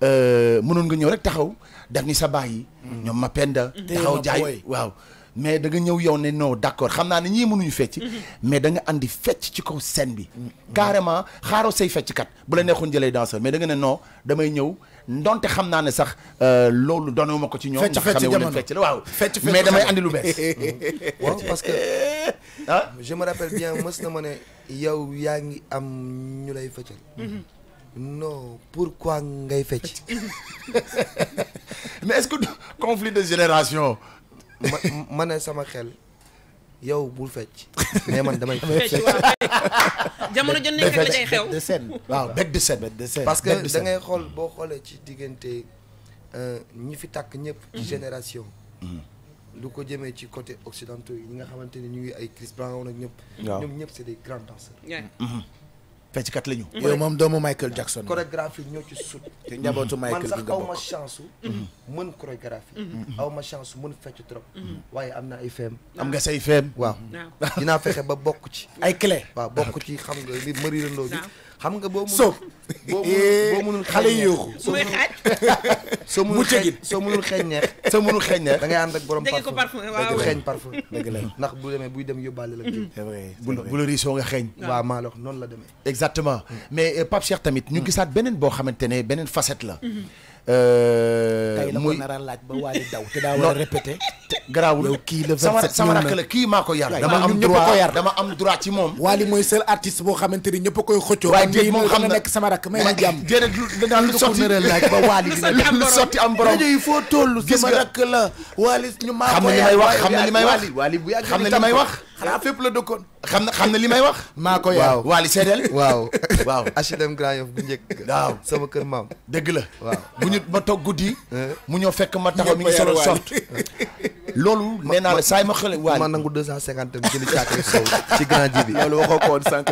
Speaker 4: euh, mënoon nga ñëw rek taxaw def ni sa baay yi. ñoom ma penda taxaw jaay waaw. mais danga ñëw yow ne non d'accord xam naa ne ñii mënuñu fecc. Mhm. mais danga nga fecc ci kaw scène bi. carrément xaaroo say fecckat bu la neexoon jëlee danseur mais da nga ne non damay ñëw ndonte xamna naa ne sax euh lolu ma ko ci ñoom. fecc fecc jamono fecc
Speaker 6: la waaw. mais damay andi lu bees. waaw parce que. ah je me rappelle bien mës na ma yow yaangi am ñu lay feccal. Mhm. non pourquoi ngay fecc. mais est-ce que conflit de génération. mané sama xel. yow bul fecc mais man damay fecc jamono jën nekk la cay xew de scène waaw bec de scène parce que da ngay xool boo xoolee ci diggante euh, ñi fi takk ñëpp ci mm-hmm. génération mm-hmm. lu ko jëmee ci côté occidentaux yi ñi nga xamante ni ñu ngi ay Chris Brown ak ñëpp ñoom ñëpp c'est des grands danseurs
Speaker 4: mm-hmm. fecckat la ñu. Mm-hmm. yow moom doomu Michael Jackson.
Speaker 6: chorégraphie ñoo ci sut. te njabootu mm-hmm. Michael bi nga bokk man sax aw ma chance mm-hmm. mën chorégraphie. aw ma chance mën fecc trop. waaye am na ay feem. am nga say feem. waa dinaa fexe ba bokk ci. ay clé waaw bokk ci xam nga li mëri lëndoo bi. xam nga boo. soob boo munul xale yi yooxu. soo munul xeeñ soo munul xeeñ neex. soo munul xeeñ neex. da ngay ànd ak borom parfum dëgg ko xeeñ parfum. dëgg la ndax bu demee buy dem yóbbaale la. c'est vrai bu la xeeñ. waaw maa la noonu la demee.
Speaker 4: exactement mm. mais euh, Pape tamit. ñu mm. gisaat beneen boo xamante ne beneen facette la. Mm-hmm. Euh, tey la ko nar a laaj ba waa di daw te daa war a kii la sama sama rakk la kii maa ko dama am droit ko yar dama am droit ci moom. boo xamante ni ñëpp a koy xëccoo. waaye tey moom xam na nekk sama rakk may ma jàmm. déedéet sotti nar a
Speaker 1: laaj sotti am borom rajo yi foo xam na li may wax xam na li bu yàgg xam na li may wax. xanaa fépp la dëkkoon.
Speaker 4: xam na xam na li may wax. maa ko yaa waaw waali seedeel. waaw waaw. HLM Grand Yoff bu njëkk. waaw sama kër maam. dëgg la. waaw bu ñu ma toog guddi. Eh? mu ñëw fekk ma taxaw mi ngi solo sort. loolu nee naa la saa ma xële waali. ma nangu 250 mu jëli caakiri sow ci grand ji loolu waxoo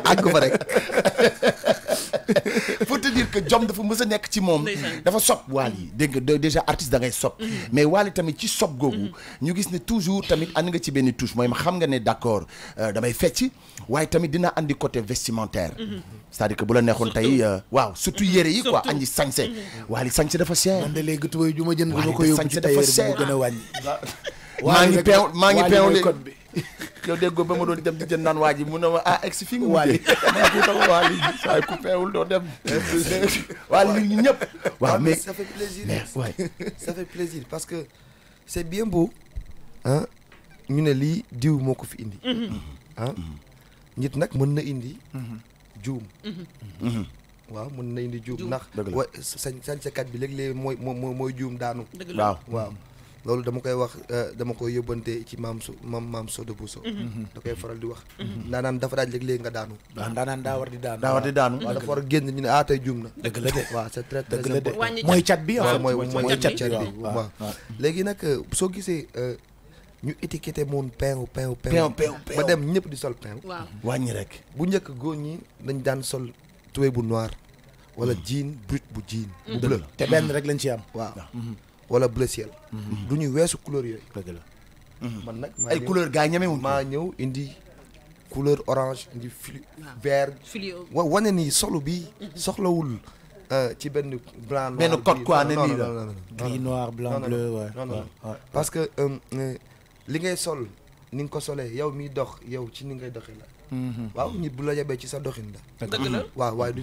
Speaker 4: ko woon rek. faut te dire que jom dafa mës nek ci mom dafa sop Wally dégg déjà artiste da ngay sop mhm. mais Wally tamit ci sop googu. Mhm. ñu gis ne toujours tamit and nga ci benn touche moy xam nga né d'accord euh, damay fecc waye tamit dina andi côté vestimentaire. Mhm. c'est-à-dire que bu la neexoon tay euh, waaw surtout yéré yi quoi andi sañse. Wally sañse dafa cher. man de léegi tubaab ju jënd. Wally ko yóbbu ci tailleur bi mu gën a wàññi. maa ngi yow déggoo ba ma doon dem di jënd naan waa ji mu ne ma ah egg si fi doo
Speaker 6: dem waali li ñu ñëpp waaw mais ça fait plaisir parce que c'est bien beau ñu ne lii diw moo ko fi indi mhm. ah, nit nag mën na indi juum mhm. Mhm. waaw mën na indi juum ndax wa sañ sañsakat bi léeg-léeg mooy mooy juum daanu waaw loolu dama koy wax euh, dama koy yóbbante ci maam su maam maam Sodo so mhm. mhm. da koy faral di wax mhm. ndaanaan dafa daaj léeg-léeg nga daanu waaw ndaanaan daa di daa war di daanu dafa war génn ñu ne ah tey juum na dëgg la de waaw mooy cat bi ah. mooy mooy cat bi léegi nag euh, soo gisee euh, ñu étiqueté moon peew peew peew ba dem ñëpp di sol peew wàññi rek bu njëkk góor ñi dañ daan sol tubéy bu noir wala mm. jean brut bu jean bu mm. bleu te benn rek lañ ci am waaw mm-hmm. wala bleu ciel. Mhm. du ñu weesu couleur yooyu. dëgg mhm. man nag. ay couleur gaa ñemewuñ maa ñëw indi couleur orange indi flu vert. wa wane ni solo bi soxlawul euh, ci benn blanc noir benn code quoi blanc bleu parce que euh, euh, li ngay sol ni nga ko solee yow miy dox yow ci ni ngay doxee la. Mhm. waaw nit bu la yebee ci sa doxin la. dëgg la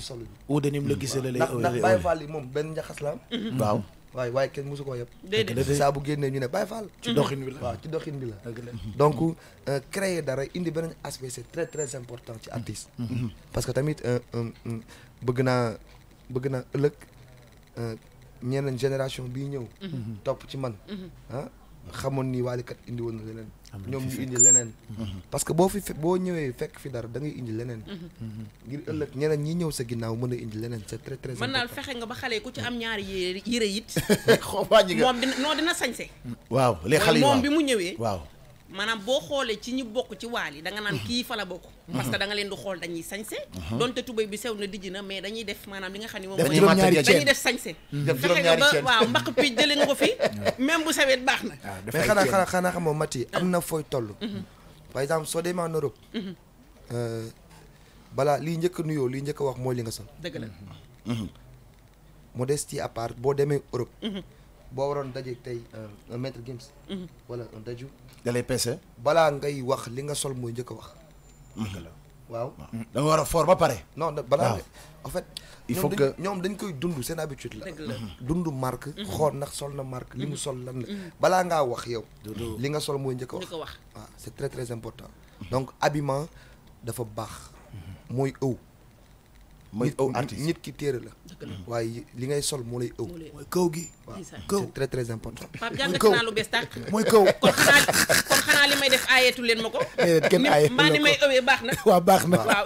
Speaker 6: solo la gisee la lay. ndax Baye Fall yi moom benn njaxas la am. waaw. waaye waaye kenn mosu koo yëpp déedéet saa génnee ñu ne Baye Fall ci doxin bi la waaw ci doxin bi la donc euh, créer dara indi beneen aspect c'est très très important ci artiste mm-hmm. Mm-hmm. parce que tamit euh, euh, bëgg naa bëgg naa ëllëg ñeneen génération bi ñëw mm-hmm. topp ci man ah, xamoon ni waalikat indi woon na leneen ñoom ñu indi leneen mhm. parce que boo fi boo ñëwee fekk fi dara da ngay indi leneen mhm. Mhm. ngir ëllëg ñeneen ñi ñëw sa ginnaaw mën a indi leneen c'est très très mën
Speaker 2: naa fexe nga ba xale ku ci am ñaari yére yére it moom dina non dina sañse
Speaker 6: waaw léegi xale yi moom bi mu ñëwee waaw
Speaker 2: maanaam boo xoolee ci ñu bokk ci waal yi da nga naan kii fa la bokk. parce que da nga leen du xool dañuy sañse. Uh-huh. donte tubéy bi sew na dijj na mais dañuy def maanaam li nga xam ne moom. dañuy dañuy def sañse. def juróom-ñaari ba na ko fi. même bu sawet baax na. Ah, mais xanaa xanaa
Speaker 6: xanaa xam am ah. na fooy toll. Mm-hmm. par exemple soo demee en Europe. Mm-hmm. Euh, balaa liy njëkk a nuyoo liy njëkk a wax mooy li nga sol. dëgg la. Mm-hmm. modestie à part boo demee Europe. boo waroon daje tey euh, un maître Gims. wala un da PC Bala ngay wax li nga sol moy njëkk wax. Mm-hmm. waaw mm-hmm. da nga wara fort ba paré. non bala en fait. il faut que ñom dañ koy dund seen habitude la. Mm-hmm. dund marque. xool nak sol na marque li mu sol lan la. balaa ngaa wax yow. li nga sol moy njëkk wax. Ah, c'est très très important. donc habillement dafa bax. Moy eau. mooy aw artiste ki téere la. waaye li ngay sol moo lay ëw. mooy gi. kaw c'est très très important. mooy kaw kon xanaa
Speaker 2: kon xanaa li may def aayeetu leen ma ko. kenn aayeetu may ëwee baax na.
Speaker 6: waaw baax na waaw.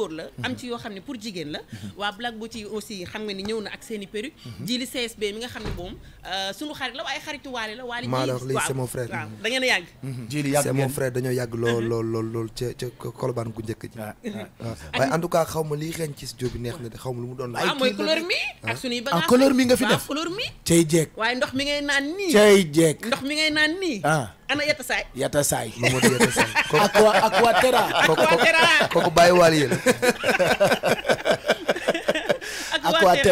Speaker 2: góor la am ci yo xamni ne pour jigen la wa Black ci aussi xam nga ni ñew na ak seeni i perruque ji li CSB mi nga xamni ne moom euh, suñu xarit la waaye xaritu walé la waale maanaam c'est mon frère da ngay na yag
Speaker 6: ji li yàgg c'est mon frère dañu yag lol mm-hmm. lol lol lol ci ci Colobane gu ñëk ji ah, ah. way en tout cas xawma li xéñ ci studio bi neex na de lu mu doon ay mooy couleur mi
Speaker 2: ah. ak ba nga couleur mi nga fi def couleur mi tay jek way ndox mi ngay nan ni tay jek ndox mi ngay nan ni ah ana yatasaay.
Speaker 6: yatasaay.
Speaker 1: moom moo di yatasaay. aqua aquatera. kooku bàyyi waal et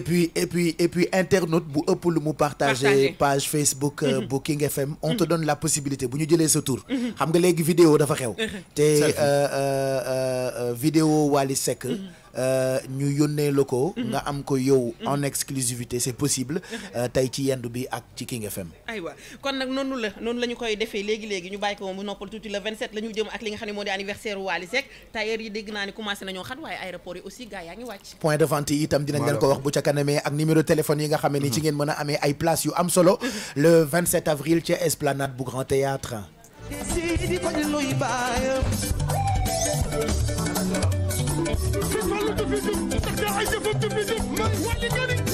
Speaker 1: puis et puis et puis page Facebook euh, mm-hmm. booking FM on te mm-hmm. donne la possibilité de nous tour mm-hmm. vidéo vidéo euh, ñu yónnee la mhm. nga am ko yow mhm. en exclusivité c'est possible mhm. euh, tay ci yendu bi ak ci King FM.
Speaker 2: wa. kon nak nonu la noonu la ñu koy defee léegi léegi ñu bàyyi ko mu noppal tout le 27 lañu jëm ak li nga xam modi anniversaire Wally Seck tailleur yi dégg naani commencé nañoo xat way aéroport yi aussi gars yaa ngi
Speaker 1: point de vente yi itam dinañ leen ko wax bu ca kanamee ak numéro téléphone yi nga xam ni ci ngeen mëna amé ay place yu am solo le 27 avril ci Esplanade bu Grand Théâtre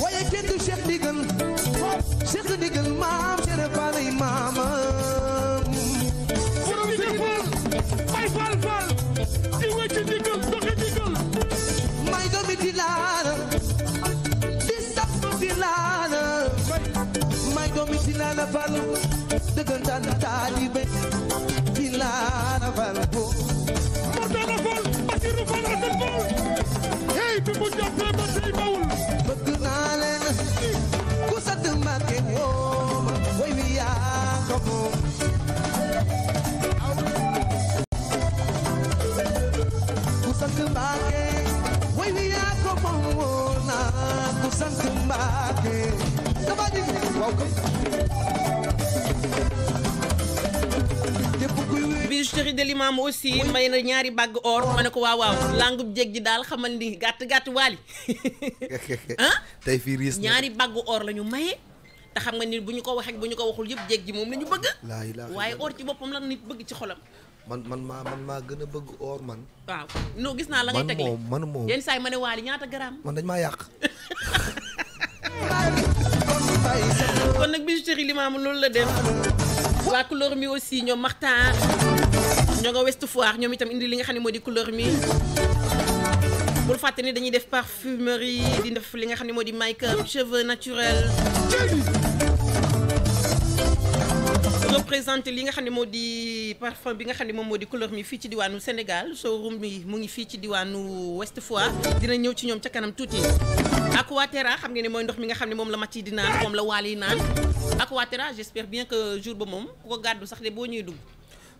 Speaker 3: waaye kenn du Cheikh ndigal Cheikh ndigal maam Cheikh Falay maamam borom ndigal bay fal fal di wëcc ndigal doxe ndigal may doomi di laala di sàpp di laala may doomi di laala fal dëggantaan taalibe di laala fal boo bëgg naa leen ku sant Mbàkke
Speaker 2: Serigne de musim, aussi may na ñaari bàgg or ma ko waaw waaw langub jéeg ji dal xamal ni gàtt gàtt wali
Speaker 6: ah tey ñaari
Speaker 2: or la ñu maye te xam nga ni bu ñu ko waxee bu ñu ko waxul yëpp jéeg ji moom la
Speaker 6: bëgg or
Speaker 2: ci boppam la nit bëgg ci xolam
Speaker 6: man man ma man ma gën or man
Speaker 2: waaw gis na la ngay tegle
Speaker 6: man mo yenn saa
Speaker 2: yi ma ne waali ñaata garaam man dañ kon la dem waa couleur mi aussi ñoom Maxtaar ñoo nga West Foire ñoom itam indi li nga xam ne moo di couleur mi bul fàtte ni dañuy def parfumerie di def li nga xam ne moo di make-up cheveux naturels représente li nga xam ne moo di parfum bi nga xam ne moom moo di couleur mi fii ci diwaanu Sénégal showroom mi mu ngi fii ci diwaanu Ouest Foire dina ñëw ci ñoom ca kanam tuuti Aquaterra xam nga ne mooy ndox mi nga xam ne moom la mat yi di naan moom la waal yi naan Aquaterra j'espère bien que jour ba moom ku ko gàddu sax de boo ñuy dugg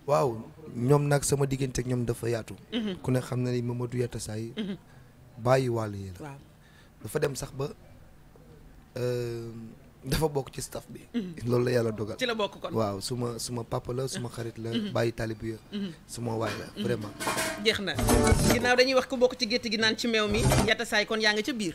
Speaker 6: waaw ñoom nag sama diggante ak ñoom dafa yaatu mhm. ku ne xam na ni Mamadou Yatassay mhm. bàyyi wàll yi la dafa dem sax ba euh, dafa bokk ci staff bi. Mhm. lool la yàlla dogal. ci la bokk kon waaw suma suma papa la suma ah. xarit la. Mhm. bàyyi taalibu ya. Mhm. suma waay la vraiment.
Speaker 2: jeex na ginnaaw dañuy wax ku bokk ci gétt gi naan ci meew mi yatta saay kon yaa nga ca biir.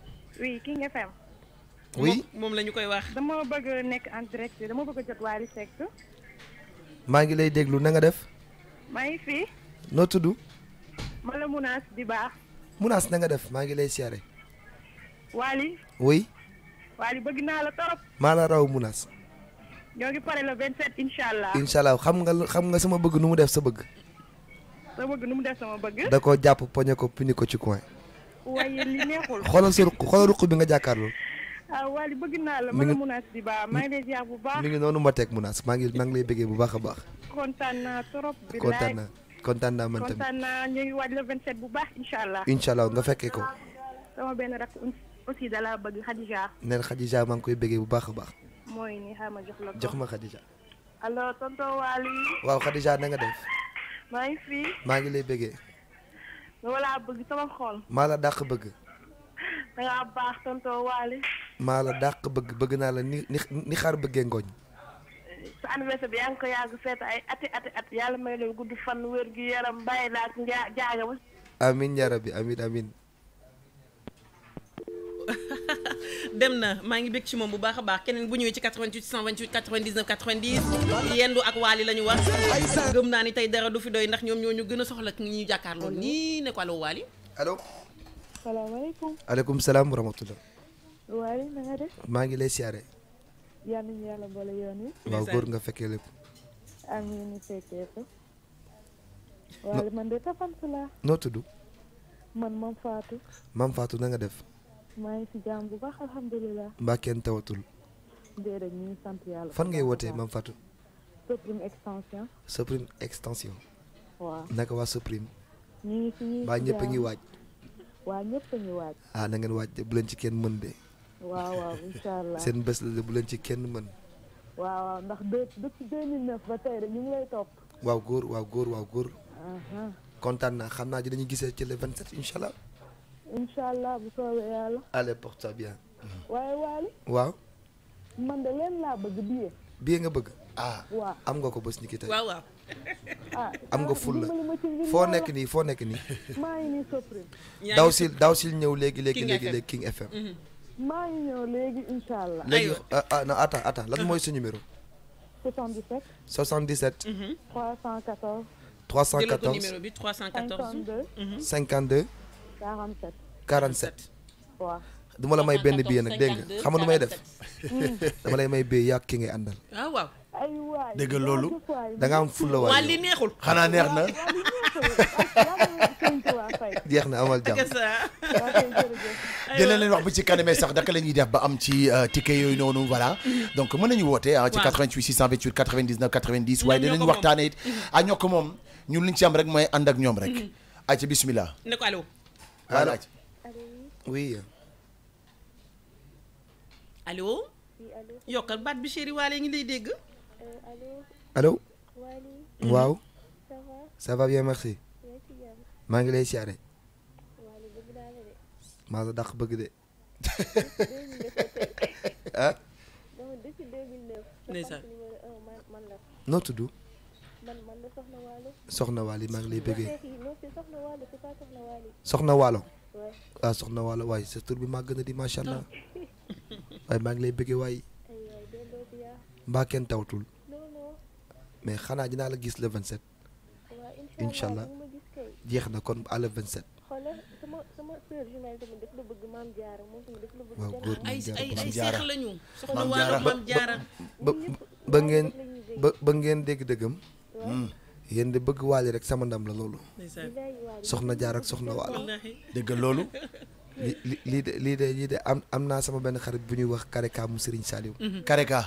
Speaker 2: oui King FM. oui moom lañu koy wax. dama bëgg nekk en direct dama bëgg a jot Wally Seck.
Speaker 6: maa ngi lay déglu nanga def. maa ngi fi. noo tuddu ma la Mounas di baax. Mounas na nga def maa ngi lay siyaare. Wally. oui. Wally bëgg naa la torop. maa la raw Mounas. ñoo ngi pare le benn
Speaker 2: incha
Speaker 3: allah.
Speaker 6: incha xam nga xam nga sama bëgg nu mu def sa bëgg.
Speaker 3: sa bëgg nu mu def sama bëgg. da
Speaker 6: koo jàpp poñe ko puni ko ci coin.
Speaker 3: waaye li neexul. xoolal
Speaker 6: ruq xoolal ruq bi nga jàkkaarloo.
Speaker 2: ah Waly bëgg naa la. mi ngi mën a munaas di baax maa ngi lay ziar
Speaker 6: ma teg munaas maa ngi maa ngi lay bëggee bu baax a baax.
Speaker 2: kontaan kontaan naa
Speaker 6: kontaan man tamit kontaan
Speaker 2: naa ñu ngi waaj le 27 bu nga fekkee ko. sama benn rakk aussi da laa bëgg
Speaker 3: Khadija.
Speaker 6: neen Khadija maa ngi koy bëggee bu baax a baax.
Speaker 3: mooy ni xaaral ma jox la ko jox ma Khadija. allo tonton Waly.
Speaker 6: waaw Khadija na nga def. maa ngi fi. maa ngi lay bëggee.
Speaker 2: dama laa bëgg sama xol.
Speaker 6: maa la dàq bëgg.
Speaker 2: da baax tonton Waly.
Speaker 6: maa la dàq bëgg bëgg naa la ni ni xaar bëggee ngooñ.
Speaker 2: sa anniversaire bi yaa ngi ko yàgg feet ay ati ati at yàlla may la gudd fan wér gu yaram bàyyi laa ak jaaga ba.
Speaker 6: amiin yaa rabbi amiin amiin.
Speaker 2: dem na maa ngi bég ci moom bu baax a baax keneen bu ñëwee ci 88 128 99 90 yendu ak waali la ñu wax gëm naa ni tey dara du fi doy ndax ñoom ñoo gën a soxla ñi ñu nii ne ko allo
Speaker 6: salaam wa rahmatullah
Speaker 3: nga def maa ngi lay siyaare yal nañu yàlla waaw góor nga fekkee lépp amiin ñu fekkee ko waali man de tafantu laa noo tudd man mam Fatou
Speaker 6: mam Fatou na nga def
Speaker 3: maa ngi si jàmm bu baax alhamdulilah.
Speaker 6: mbaa kenn tawatul. fan ngay wootee Mame Fatou.
Speaker 5: Suprime extension.
Speaker 6: Suprime extension. waaw naka waa Suprime.
Speaker 5: ñu ngi
Speaker 3: si ñuy mbaa ñëpp a ngi waaj. waa ñëpp a ngi waaj.
Speaker 6: ah na waaj de bu leen ci kenn mën de.
Speaker 3: waaw waaw incha allah seen
Speaker 6: bés la bu leen ci kenn mën.
Speaker 3: waaw waaw ndax deux depuis 2009 ba tey rek lay topp.
Speaker 6: waaw góor waaw góor waaw góor. kontaan naa xam naa ji dinañu gisee ci le 27 incha allah.
Speaker 3: Inshallah. vous
Speaker 6: allez porte bien. waaye oui.
Speaker 3: Oui. man bien. je
Speaker 6: billet. ah Waouh. am nga ko Tu ni Wow.
Speaker 3: ah am nga full? ni, Je
Speaker 6: ni. King FM. Je mhm. ah, ah, non attends attends uh-huh. sa numéro. 77. 77.
Speaker 2: 314.
Speaker 6: 314 numéro
Speaker 2: 314.
Speaker 6: 52. 47. 47. waaw du la may benn billet nag dégg nga xam nu may def. dama lay may billet yàgg ki ngay àndal.
Speaker 5: ah
Speaker 6: loolu. da nga am fulla waay waa li xanaa neex na.
Speaker 4: jeex na amal jàmm. dina leen wax bu ci kanamee sax daka la ñuy def ba am ci euh, ticket yooyu noonu voilà. donc mën nañu woote ah. ci 88 628 99 90. waaye dinañ waxtaanee it ah ñoo ko moom ñun liñ ci am rek mooy ànd ak ñoom rek. Mm-hmm. ayca bismillah. ne allo oui.
Speaker 2: yokkal baat bi chéri waale ngi lay dégg. Euh,
Speaker 6: allo. Mm-hmm. waaw. maa ngi lay siyaare. maa sa dàq bëgg de. ah. noo tudd. soxna Waly maa ngi lay bëggee. soxna Waalo. Ah, soxna Waalo waaye sa tur bi maa gën a di macha allah waaye maa ngi lay bëggee waaye. mbaa kenn tawatul. mais xanaa dinaa la gis la 27. incha allah jeex na kon à le 27. waaw
Speaker 3: góor maam jaara ba ba ngeen ba
Speaker 6: ba ngeen dëggam. Hmm. yéen de bëgg waali rek sama ndam la loolu. soxna jaar ak soxna waal. dëgg loolu. li li lii de lii de am am naa sama benn xarit bu ñuy wax Kareka mu Serigne Saliou. Mhm. Kareka.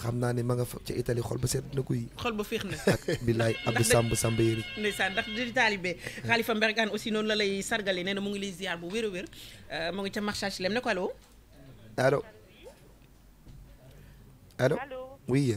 Speaker 6: xam naa ni ma nga fa ca Italie xol ba seet na ko yi.
Speaker 2: xol ba féex na. ak billaay Abdou Samb Samb yëri. ndax di taalibe Khalifa Mbergane aussi noonu la lay sargale nee mu ngi lay ziar bu wér wér euh, mu ngi ca marché HLM ne ko allo.
Speaker 6: allo. allo oui.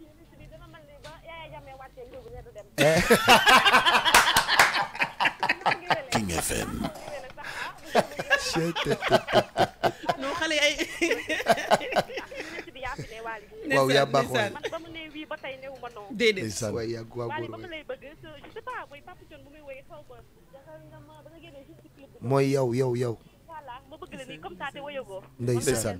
Speaker 4: É. Eh. King FM.
Speaker 2: non waaw yaa baaxoon.
Speaker 6: yow yow yow.
Speaker 2: ndeysaan.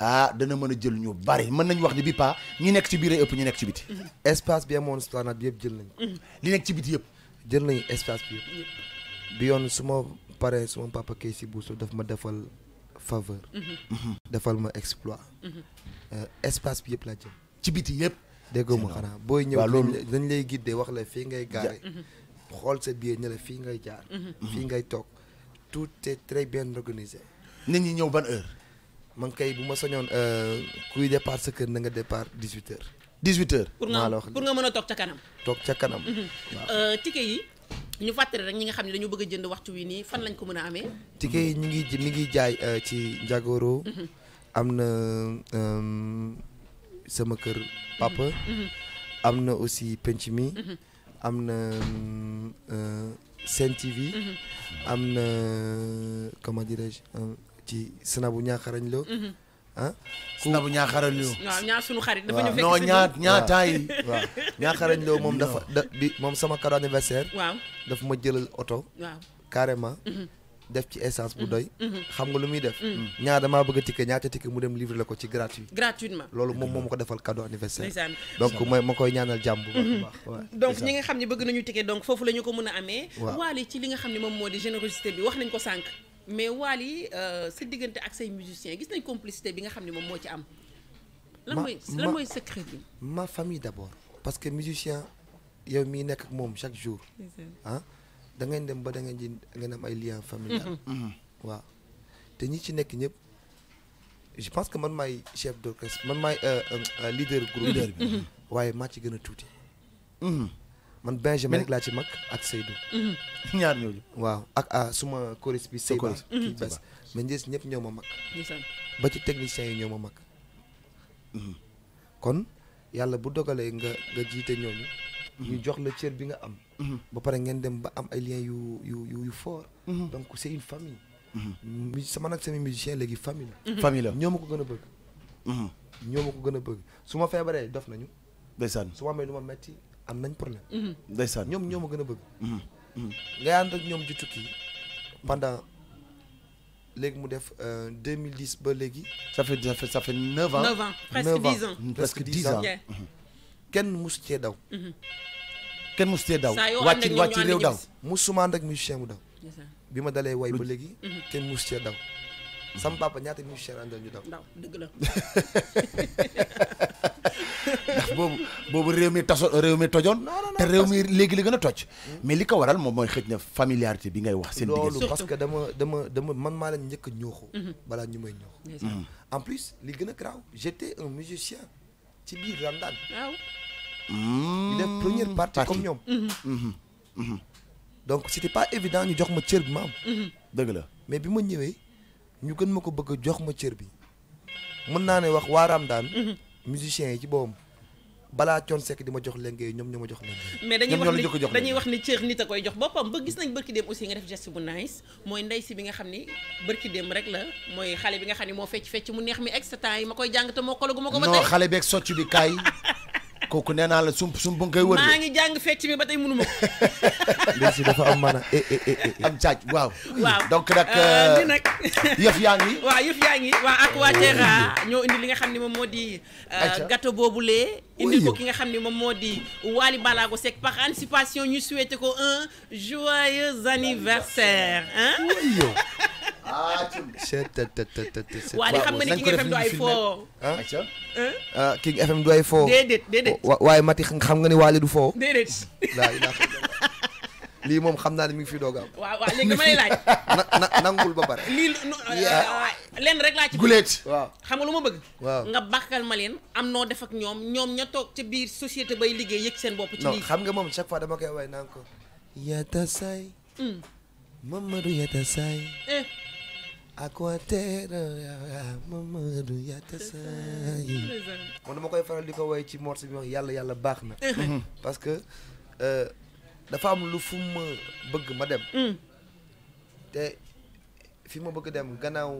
Speaker 4: ah dana mën jël ñu bari mën nañ wax ni bi pas ñi nekk ci biir ëpp nekk ci biti. espace bien amoon
Speaker 6: esplanade bi yëpp jël nañ li nekk ci biti jël espace bien. yëpp. bi yoon suma papa kay si bousso daf ma defal faveur. ma exploit. Euh, espace bien yëpp jël. ci biti yëpp. déggoo ma ñëw dañ lay guidé wax la fi ngay garé xol sa biir ne ngay jaar. tout est très bien organisé. nit ñi ñëw ban heure. man kay bu ma sañoon euh, kuy départ sa kër na nga départ 18 heures. 18 heures. pour nga pour nga mën a toog ca kanam. toog ca kanam. Mhm. waaw
Speaker 2: euh, ticket yi. ñu fàttali rek ñi nga xam ne dañu bëgg a jënd waxtu wi nii fan lañ ko mën a amee.
Speaker 6: ticket yi ñu ngi mi ngi jaay euh, ci Njagoro. Mhm. am na sama kër papa. Mhm. am na aussi penc mi. am na Sen TV. am na comment dirais-je. ci Snabou ñaa xarañ loo ah Snabou ñaa xarañ loo waaw ñaa sunu xarit dafa ñu fekk non ñaa ñaa temps yi waaw ñaa xarañ moom dafa da bi moom sama cadeau anniversaire waaw daf ma jëlal oto waaw carrément def ci essence bu doy xam nga lu muy def ñaa damaa a ticket ñaata ticket mu dem livrer la ko ci gratuit gratuitement loolu moom moo ma ko defal cadeau anniversaire donc mooy ma koy ñaanal jàmm bu baax donc ñi nga
Speaker 2: xam ne bëgg nañu ticket donc foofu la ko mën a amee waale ci li nga xam ne moom moo di générosité bi wax nañ ko sànq mais Wally euh, sa diggante ak say musiciens gis nañ complicité bi nga xamni mom mo ci am. lan moy lan moy secret bi.
Speaker 6: ma famille d'abord parce que musicien yow mi nek ak mom chaque jour. ah da ngeen dem ba da ngeen di am ay liens familial mhm. mhm. wa té ñi ci nek ñëpp je pense que man may chef d'orchestre man maay euh, euh, leader groupe. leader bi waye ma ci gëna a tuuti. Mhm. man Benjamin rek laa ci mag ak Seydou. Mhm. ñaar ñooñu. waaw ak ah suma choriste bi Seyba. Mhm. kii bas mais ñees ñëpp ñoo ma mag. ba ci techniciens yi ñoo ma mag. Mhm. kon yàlla bu dogalee nga nga jiite ñooñu. ñu jox la cër bi nga am. ba pare ngeen dem ba am ay liens yu yu yu yu fort. donc c'est une famille. mu sama nag sama musicien léegi famille la. famille la ñoo ma ko gën a bëgg. su ma feebaree dof nañu. ndeysaan su ma amee lu metti am nañ problème. Mhm. não ñoom ñoo não gën a bëgg. Mhm. Mhm. ngay ànd ak ñoom di tukki pendant léegi mu def 2010 euh, ba léegi. ça fait ça fait ça fait 9 ans. 9 ans presque 10 ans presque 10 ans. kenn musu cee daw. kenn musu cee daw. saa yoo xam ne ñoom ñoo ànd ak musuma ànd ak musicien mu daw. bi ma way ba kenn daw. sama papa ñaata musicien àndal ñu daw. ndaw dëgg la. ndax boobu boobu réew mi taso réew mi
Speaker 4: tojoon. te réew mi léegi li gën a toj. Hmm? mais li ko waral moom mooy xëj na familiarité bi ngay wax. seen diggante loolu parce que
Speaker 6: dama dama dama man maa leen njëkk a ñooxu. Mhm. bala ñu may ñooxu. Hmm. en plus li gën a graaw j'étais un musicien ci biir Ramdaan. waaw. ñu hmm. def première partie comme ñoom. Mhm. Mhm. donc c'était pas évident ñu jox ma cër bi ma dëgg la mais bi ma ñëwee. ñu gën ma ko bëgg a jox ma cër bi mën naa ne wax waaraam daan mhm. musiciens yi ci boobam balaa Thione Seck di ma jox lenge ñoom ñoo ma jox lenge mais dañuy wax ni dañuy
Speaker 2: ni cër nit a koy jox boppam ba gis nañ bërki dem aussi nga def geste bu nice mooy ndey si bi nga xam ni bërki dem rek la mooy xale bi nga xam ni moo fecc fecc mu neex mi ex temps yi ma koy jàng te moo kologu ma ko ba tey xale
Speaker 4: bi ak socc bi kaay kooku nee naa la sump sum bu nga koy wër. maa
Speaker 2: ngi jàng fecc mi ba tey mënu ma ko.
Speaker 4: Liss dafa am maanaam eh, eh, eh, am caaj waaw. waaw donc nag. Euh, euh, di
Speaker 2: nag yëf yaa ngi. waaw yëf yaa ngi waa oh. Terra ñoo indi li nga xam ne moom moo di. Euh, gâteau boobu lee. indil ko ki nga xam ne moom moo di Wally Ballago Seck par anticipation ñu souhaité ko un joyeux anniversaire.
Speaker 6: ah Thioune. waaw di xam nga ni King FM ah, du ay foo.
Speaker 3: ah
Speaker 6: King FM du ay foo. déedéet déedéet. waaye Mati xam nga ni Waly du foo. déedéet. lii moom xam naa ne mi ngi fi doog am.
Speaker 3: waaw waaw léegi dama lay laaj.
Speaker 6: na nangul ba pare. lii ah.
Speaker 2: Ah, lenn rek laa ci. guleet waaw xam nga lu ma bëgg. waaw nga bàkkal ma leen. am noo def ak ñoom ñoom ña toog ca biir société bay liggéey yëg seen bopp. ci lii
Speaker 6: xam nga moom chaque fois dama koy way naan ko. Yatassay. Mm. Mamadou Yatassay. Eh. aquaterre Mamadou yatta sayi moom dama koy faral di ko woy ci morceau bi wax yàlla yàlla baax na mhm. parce que euh, dafa am lu fu ma bëgg ma dem mm. te fi ma bëgg dem gannaaw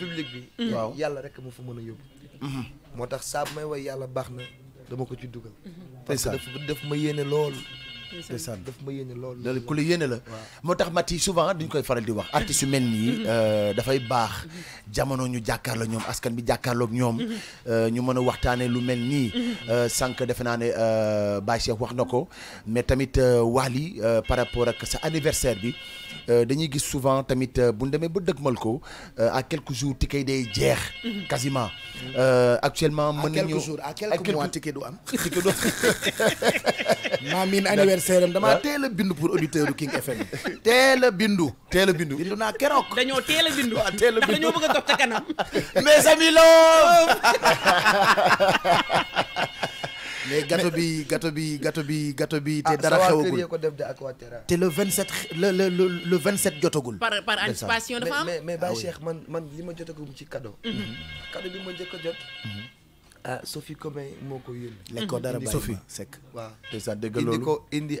Speaker 6: public bi mm. waaw yàlla rek ma fa mën a yóbbu mhm. moo tax saa may woy yàlla baax na dama ko ci dugal mhm. parce que daf ma yéene lool ndeysaan daf ma yéene lool lool ku la yéene la moo
Speaker 4: tax Maty souvent duñ koy faral di wax artistes yu mel nii euh, dafay baax jamono ñu jàkkaarloo ñoom askan bi jàkkaarloog ñoom euh, ñu mën a waxtaane lu mel nii euh, sànq defe naa ne Baye Cheikh wax na ko mais tamit wax Wally par rapport ak sa anniversaire bi Euh, dañuy gis souvent tamit euh, bu ñu demee ba dëgmal ko euh, à quelques jours ticket yi day jeex. Mhm. quasiment mhm. actuellement. mën nañu à quelques jours à quelques mois
Speaker 1: ticket du am. ticket du am.
Speaker 4: maa miin anniversaire am damaa ah. teel a bindu pour auditeur du King FM.
Speaker 1: teel a bindu. teel a bindu bindu naa keroog. dañoo teel a bindu. waaw teel a bindu dañoo bëgg a toog ca kanam. mes amis love mais gâteau bi gâteau bi gâteau ah, le 27 le le le 27 par anticipation dafa mais mais ah Cheikh
Speaker 6: man man lima vous cadeau. Mhm. Mhm. cadeau bi ma jëk jot. Mhm. ah Sophie comme Moko. Sophie sec. sa indi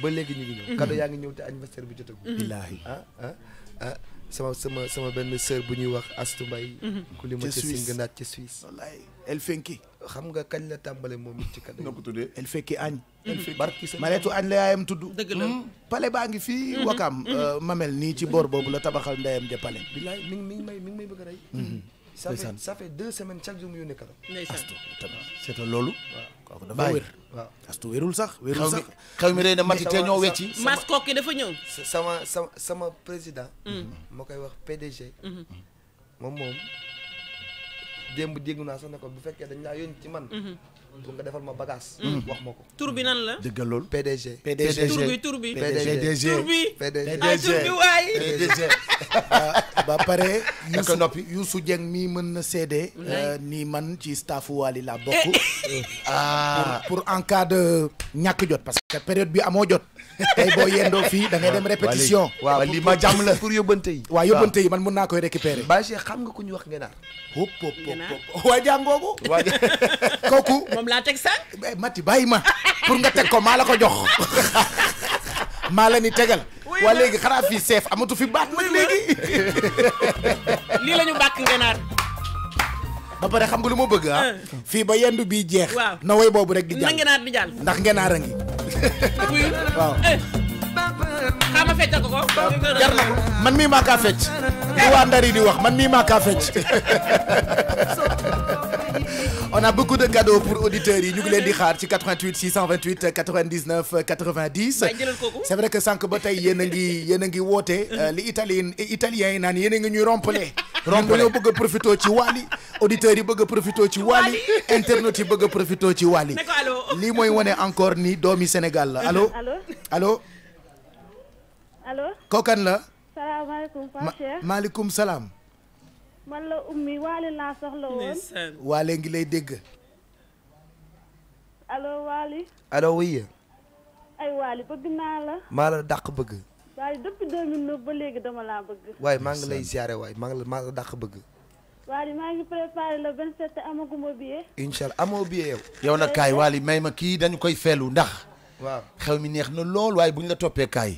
Speaker 6: ba léegi ñu ngi ñëw. cadeau yaa ngi ñëw te anniversaire bi jotagul. Mm-hmm. billaahi ah ah ah sama sama sama benn sœur bu ñuy wax Astou Mbaye. Mm-hmm. ku li ma ca Singnaat ca Suisse. wallaay El Fenki. xam nga kañ la
Speaker 1: tàmbale moom ci cadeau. noo ko tuddee El Fenki añ. Mm-hmm. El Fenki barki sa maletu añ la yaayam tudd. dëgg la pale baa ngi fii. Wakaam euh, Mamel nii ci boor boobu la tabaxal ndeyam ja pale.
Speaker 6: billaay mi ngi mi ngi may mi ngi may bëgg a rey. ça fait ça fait deux semaines chaque jour mu yónnee cadeau. Astou tabax c'est loolu. kooku dafa wér
Speaker 1: waaw astu wérul sax wérul sax xew mi rëy na mati te ñoo wecci
Speaker 6: mas kooki dafa ñëw sama sama sama président mm. moo koy wax PDG mm-hmm. moom moom démb dégg naa sax ne bu fekkee dañ laa yónni ci man mm-hmm. pour nga defal ma bagage. Hmm. Hmm. wax ma ko. tur bi nan la. dëggal loolu PDG. PDG tur bi PDG tur PDG ah, ah, ba pare. Youssou
Speaker 1: noppi mii mën na seede. Euh, nii man ci staffu Wally laa eh, eh. Ah, pour en cas de ñàkk jot parce que. te période bi amoo jot tey boo yendoo fii da ngay dem répétition waaw lii ma jàmm la pour
Speaker 6: yóbbante yi waaw yóbbante
Speaker 1: yi man mun naa koy récupérer Baye Cheikh xam nga ku ñu wax ngenaar hop hop hop waa jàngoogu kooku moom laa teg sànq eh, Mati bàyyi ma pour nga teg ko maa la ko jox maa la ni tegal waa léegi xanaa fii seef amatu fi baat nag léegi lii la ñu bàkk ngenaar ba pare xam nga lu ma bëgg a ah. eh. fii ba yendu bii jeex. waaw na way boobu rek di jàll na ngenaar di ndax ngenaar a ngi.
Speaker 2: Eh.
Speaker 1: man mii maa kaa fecc. li waa ndari di wax man mii maa kaa fecc. on a beaucoup de cadeaux pour auditeurs Nous ñu 88 628 99 90. c'est vrai que sans que tey yéen a euh, italiens sont naan yéen a ngi ñuy bëgg profiter ci auditeurs yi bëgg de ci Wali. internautes yi bëgg encore ni Domi Sénégal Allô. allo. allo allo. Kokan la.
Speaker 2: Wa cher. salam. man la ummi waale laa soxla woon.
Speaker 6: waale ngi lay dégg.
Speaker 2: allo waali. allo oui. ay waali bëgg naa la.
Speaker 6: maa la dàq bëgg.
Speaker 2: waaye depuis 2009 ba léegi dama laa bëgg. waaye maa ngi lay
Speaker 6: ziare waaye maa la maa dàq bëgg.
Speaker 2: waali maa ngi préparé le 27 amaguma billet.
Speaker 6: incha allah amoo billet yow.
Speaker 4: yow nag kaay waali may ma kii dañu koy feelu ndax. waaw xew mi neex na lool waaye bu ñu la toppee kaay.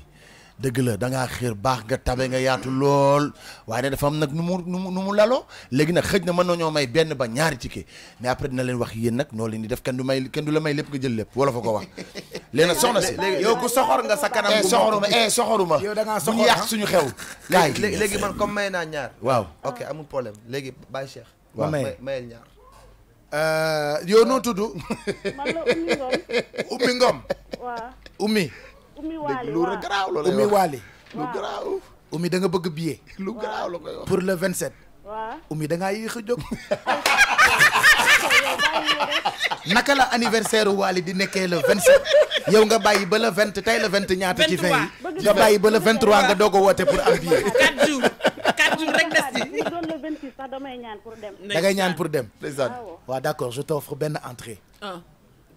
Speaker 4: dëgg la da ngaa xiir baax nga tabe nga yaatu lool waaye ne dafa am nag nu mu nu mu nu mu laloo léegi nag xëj na mën nañoo may benn ba ñaari ticket mais après dina leen wax yéen nag noo leen di def kenn du may kenn du la may lépp nga jël lépp wala fa ko wax léegi nag soxna si léegi yow ku
Speaker 6: soxor nga sa kanam eh soxoruma eh
Speaker 4: soxoruma yow da ah. suñu xew kaay léegi man comme
Speaker 6: may naa ñaar waaw ok amul problème léegi Baye Cheikh waaw mayel ñaar euh, yow noo tudd man la Oumy ummi waale lu
Speaker 5: garaaw la lay wax ummi waale.
Speaker 1: da nga bëgg billet. lu graw la koy wax pour le 27. waaw ummi da ngaa yéex a jóg. naka la anniversaire Wally di nekkee le 27 yow nga bayyi ba le 20 tay le 20 ñaata ci fin yi
Speaker 5: nga bayyi ba le 23 nga dogo woté pour am billet. 4 jours 4 jours rek des ci. doon le
Speaker 2: 26 sax damay ñaan pour dem. da ngay ñaan pour
Speaker 1: dem. président ah, wa d'accord je t'offre benn entrée.
Speaker 2: Ah.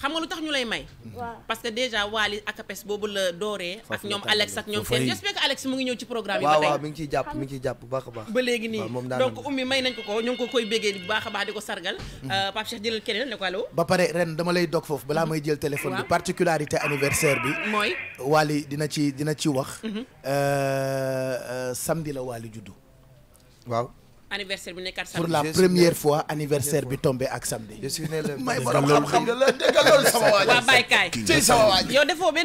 Speaker 2: xam nga lu tax ñu lay may. parce que déjà Wally ak Apes boobu la dooree. ak ñoom Alex ak ñoom seen j'espère mu ngi ñëw ci programme yi. ba tey waaw mi
Speaker 6: ngi ciy jàpp mi ngi ciy jàpp bu baax a baax. ba léegi nii donc
Speaker 2: ummi may nañ ko ko ñu ngi ko koy béggee bu baax a baax di ko sargal. Mhm. Euh, Pape Cheikh jëlal keneen ne ko allo.
Speaker 1: ba pare ren dama lay dog foofu balaa may jël téléphone bi. particularité anniversaire bi. mooy Wally dina ci dina ci wax. Mhm. Euh, euh, samedi la Wally juddu waaw.
Speaker 2: pour la première
Speaker 1: fois anniversaire tombé avec samedi. je suis
Speaker 5: le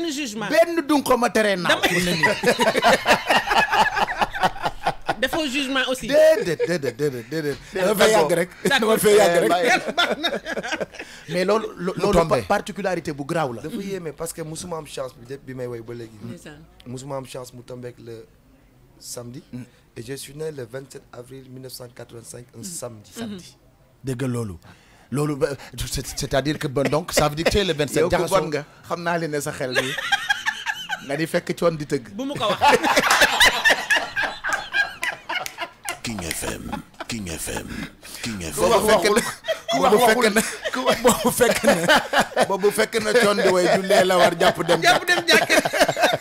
Speaker 2: jugement. jugement aussi.
Speaker 6: mais particularité bu parce que chance bi may chance mu tombé le samedi. Mm. Et je suis né le 27 avril 1985, un mhm. samedi.
Speaker 5: samedi.
Speaker 4: Mhm. D'accord, ah. bah, c'est-à-dire que bon donc ça veut dire le 27. avril. ne Je
Speaker 3: King FM King FM King FM.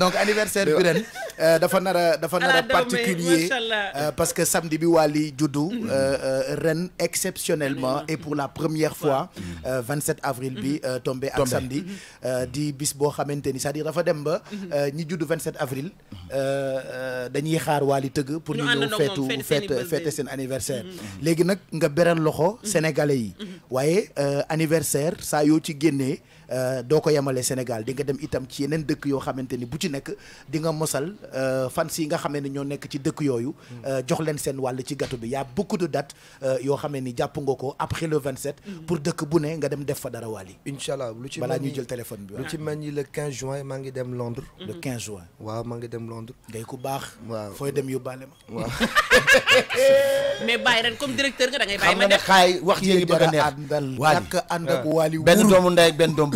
Speaker 1: donc anniversaire bi ren euh, dafa dafa particulier euh, parce que samedi bi Wally euh, mhm. euh exceptionnellement et pour la première fois 27 avril bi mhm. tombé à samedi mhm. di bis bo tennis. c'est-à-dire dafa dem ba ñi 27 avril dañuy xaar wali teug pour ñu ñëw son anniversaire légui nak nga beral loxo sénégalais yi voyez, anniversaire y est, ci guenné euh, doo ko yemale Sénégal di nga dem itam ci yeneen deuk yo xamanteni bu ci nek di nga mosal euh, fans yi nga xamee ño nek ci deuk yoyu hmm. euh, jox len sen wal ci gatu bi ya beaucoup de dates yo xamee japp jàpp nga ko après le 27 hmm. pour deuk bu ne nga dem
Speaker 6: def fa dara wàll yi incha lu ci balaa ñuy jël téléphone bi lu ci mel ni le 15 juin ma ngi dem Londres le 15 hmm. juin waaw ma ngi dem Londres ngay ku bax waaw dem yóbbaale ma
Speaker 2: mais bàyyi ren comme directeur nga da ngay bàyyi ma def xaay
Speaker 4: wax yi bëgg neex àndal ñàkk ànd ak ah. wàll benn doomu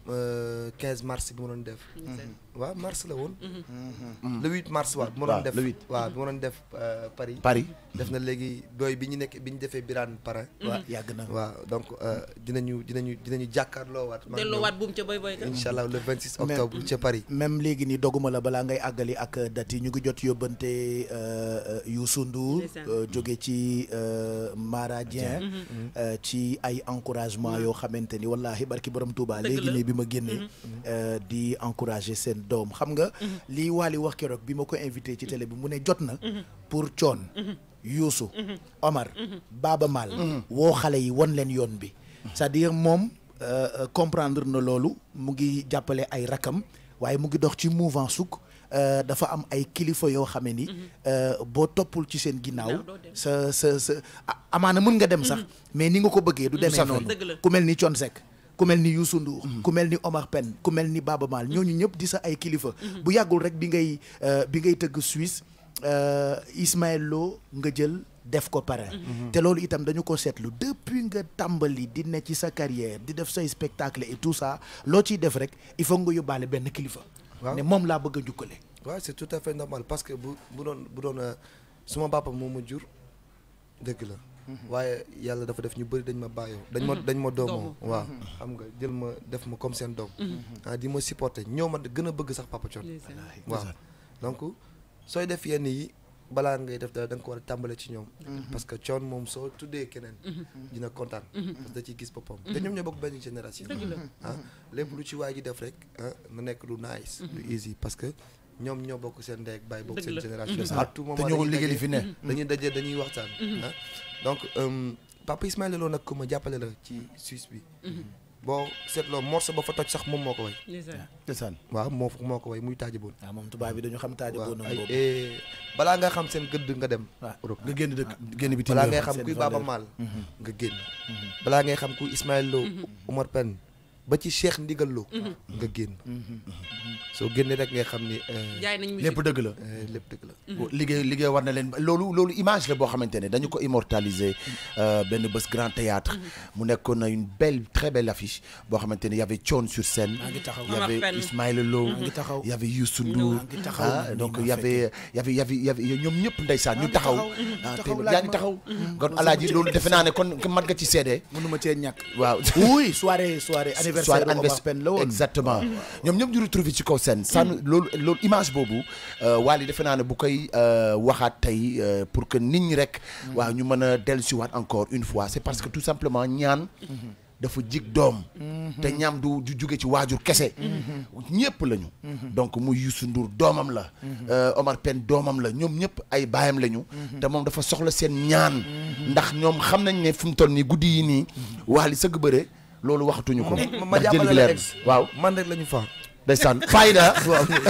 Speaker 6: 15 euh, mars bi ma doon def. Mm-hmm. Mm-hmm. waaw mars la woon. Mm-hmm. le 8 mars waaw bi ma doon def waaw bi ma doon def Paris. Paris def na léegi booy bi ñu nekk bi ñu defee Birane Para. waaw yàgg na waaw donc euh, dinañu dinañu dinañu jàkkaarloo waat. delloo waat buum ca boy boy. incha allah le 26 octobre ca Paris. même léegi nii doguma la balaa
Speaker 1: ngay àggali ak date yi ñu ngi jot yóbbante euh, Youssou Ndour. jóge ci Mara ci ay encouragement yoo xamante ni wallaahi barki borom Touba léegi nii. bima guéné mhm. euh, di encourager sen dom xam nga mhm. li wali wax keroog bima ko invité ci télé bi mu né jotna mhm. pour Thione Youssou Omar Baba Mal, wo xalé yi won len yone bi c'est-à-dire mom euh, euh, comprendre na lolu mu ngi jappalé ay rakam waye mu ngi dox ci mouvement euh, dafa am ay kilifa yo xamé ni bo toppul ci sen ginnaw sa sa sa mën nga dem sax mais ni nga ko bëggé du demee non ku melni ni sec ku mel ni Youssou Ndour mm-hmm. ku mel ni Omar pen ku mel ni Baaba Maal mm-hmm. ñooñu ñëpp di sa ay kilifa mm-hmm. bu yàggul rek bi ngay euh, bi ngay tëgg Suisse euh, Ismaël Lo nga jël def ko pare te loolu itam dañu ko seetlu depuis nga tàmbali di ne ci sa carrière di def say spectacle et tout ça loo ciy def rek il faut nga yóbbaale benn kilifa ne moom laa bëgg a njukkale
Speaker 6: waaw c'est tout à fait normal parce que bu bu doon bu doon euh, suma papa moo ma jur dëgg la waaye yàlla dafa def ñu bëri dañ ma bàyyoo dañ ma mhm. dañ ma doomoo waaw mhm. xam nga jël ma def ma comme seen doom mhm. ah di ma supporter ñoo ma gën a bëgg sax Papa Thione waaw donc sooy def yenn yi balaa ngay def dara da nga ko war a tàmbale ci ñoom parce que Thione moom soo tuddee keneen dina kontaan da ciy gis boppam te ñoom ñoo bokk benn génération ah lépp lu ci waay ji def rek ah, na nekk lu nice lu easy parce que ñoom ñoo bokk seen ndey ak baay bokk seen génération à tout moment te dañuy dajee dañuy waxtaan ah, donc euh, Papa Ismaël Lô nag ku ma jàppale la ci Suisse bi. Mhm. boo seetloo morceau ba fa toj sax moom moo ko way. waaw moo moo ko way muy taajaboon. waaw ah, moom tubaab bi dañu xam taajaboon. waaw ay eh, balaa nga xam seen gëdd nga dem. waaw ah, génn ah. génn bi. balaa ngay xam kuy Baaba Maal. Mhm. nga génn. Mhm. balaa ngay xam kuy Ismaël Lô Omar Pène. ba ci Cheikh Ndigal Lo mhm. nga mhm. mhm. So rek ngay euh,
Speaker 4: euh, image la dañu euh, grand théâtre mu nekkone une belle très belle affiche bo il y avait sur scène y avait ah, y avait donc y avait y avait y y avait ñu taxaw taxaw oui soirée soirée exactement oh. ñom nous ñu retrouvé ci ko seen L'image lool lool image que euh, ne bu koy euh, euh, pour que nit rek mm. wa ñu encore une fois c'est parce que tout simplement ñaan dafa jig Dom. Mm-hmm. té ñam du du Nous ci wajur Nous mm-hmm. ñepp lañu mm-hmm. donc mu Youssou Ndour domam la Omar Pen domam la ñom ñëpp ay bayam lañu té mom dafa nous sen ñaan ndax ñom xam nañ ne fum toll que Nous avons Wali loolu waxatuñu ko.
Speaker 6: ma jàppale waaw man rek lañu faa. ndeysaan fayda.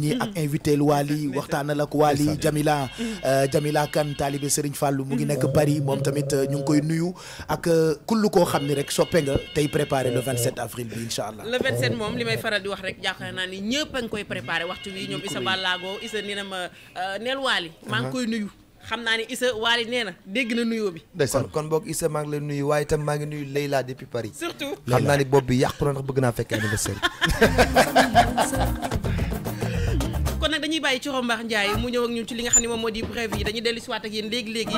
Speaker 1: nit ñi ak invité lu Wally waxtaanal ak Wally Jamila euh, Jamila Kane taalibe Serigne Fallou mu ngi nekk Paris moom tamit euh, ñu ngi koy nuyu ak euh, kullu koo xam ni rek soppee nga tey préparé le 27 avril bi incha allah. le
Speaker 2: 27 moom li may faral di wax rek jàakaar naa ni ñëpp a koy préparé waxtu wi ñoom Issa Ballago Issa nee na ma neen Wally maa ngi uh-huh. koy nuyu xam naa ni Issa Wally nee na dégg na nuyoo bi.
Speaker 6: ndeysaan kon boo Issa maa ngi lay nuyu waaye itam maa ngi nuyu Leila depuis Paris. surtout xam naa ni bopp bi yàqu na ndax bëgg naa fekk anniversaire
Speaker 2: kon nak dañuy bayyi ci Mbax ndjay mu ñew ak ñun ci li nga xamni mom modi moo yi dañuy delu ci wat ak yeen leg leg yi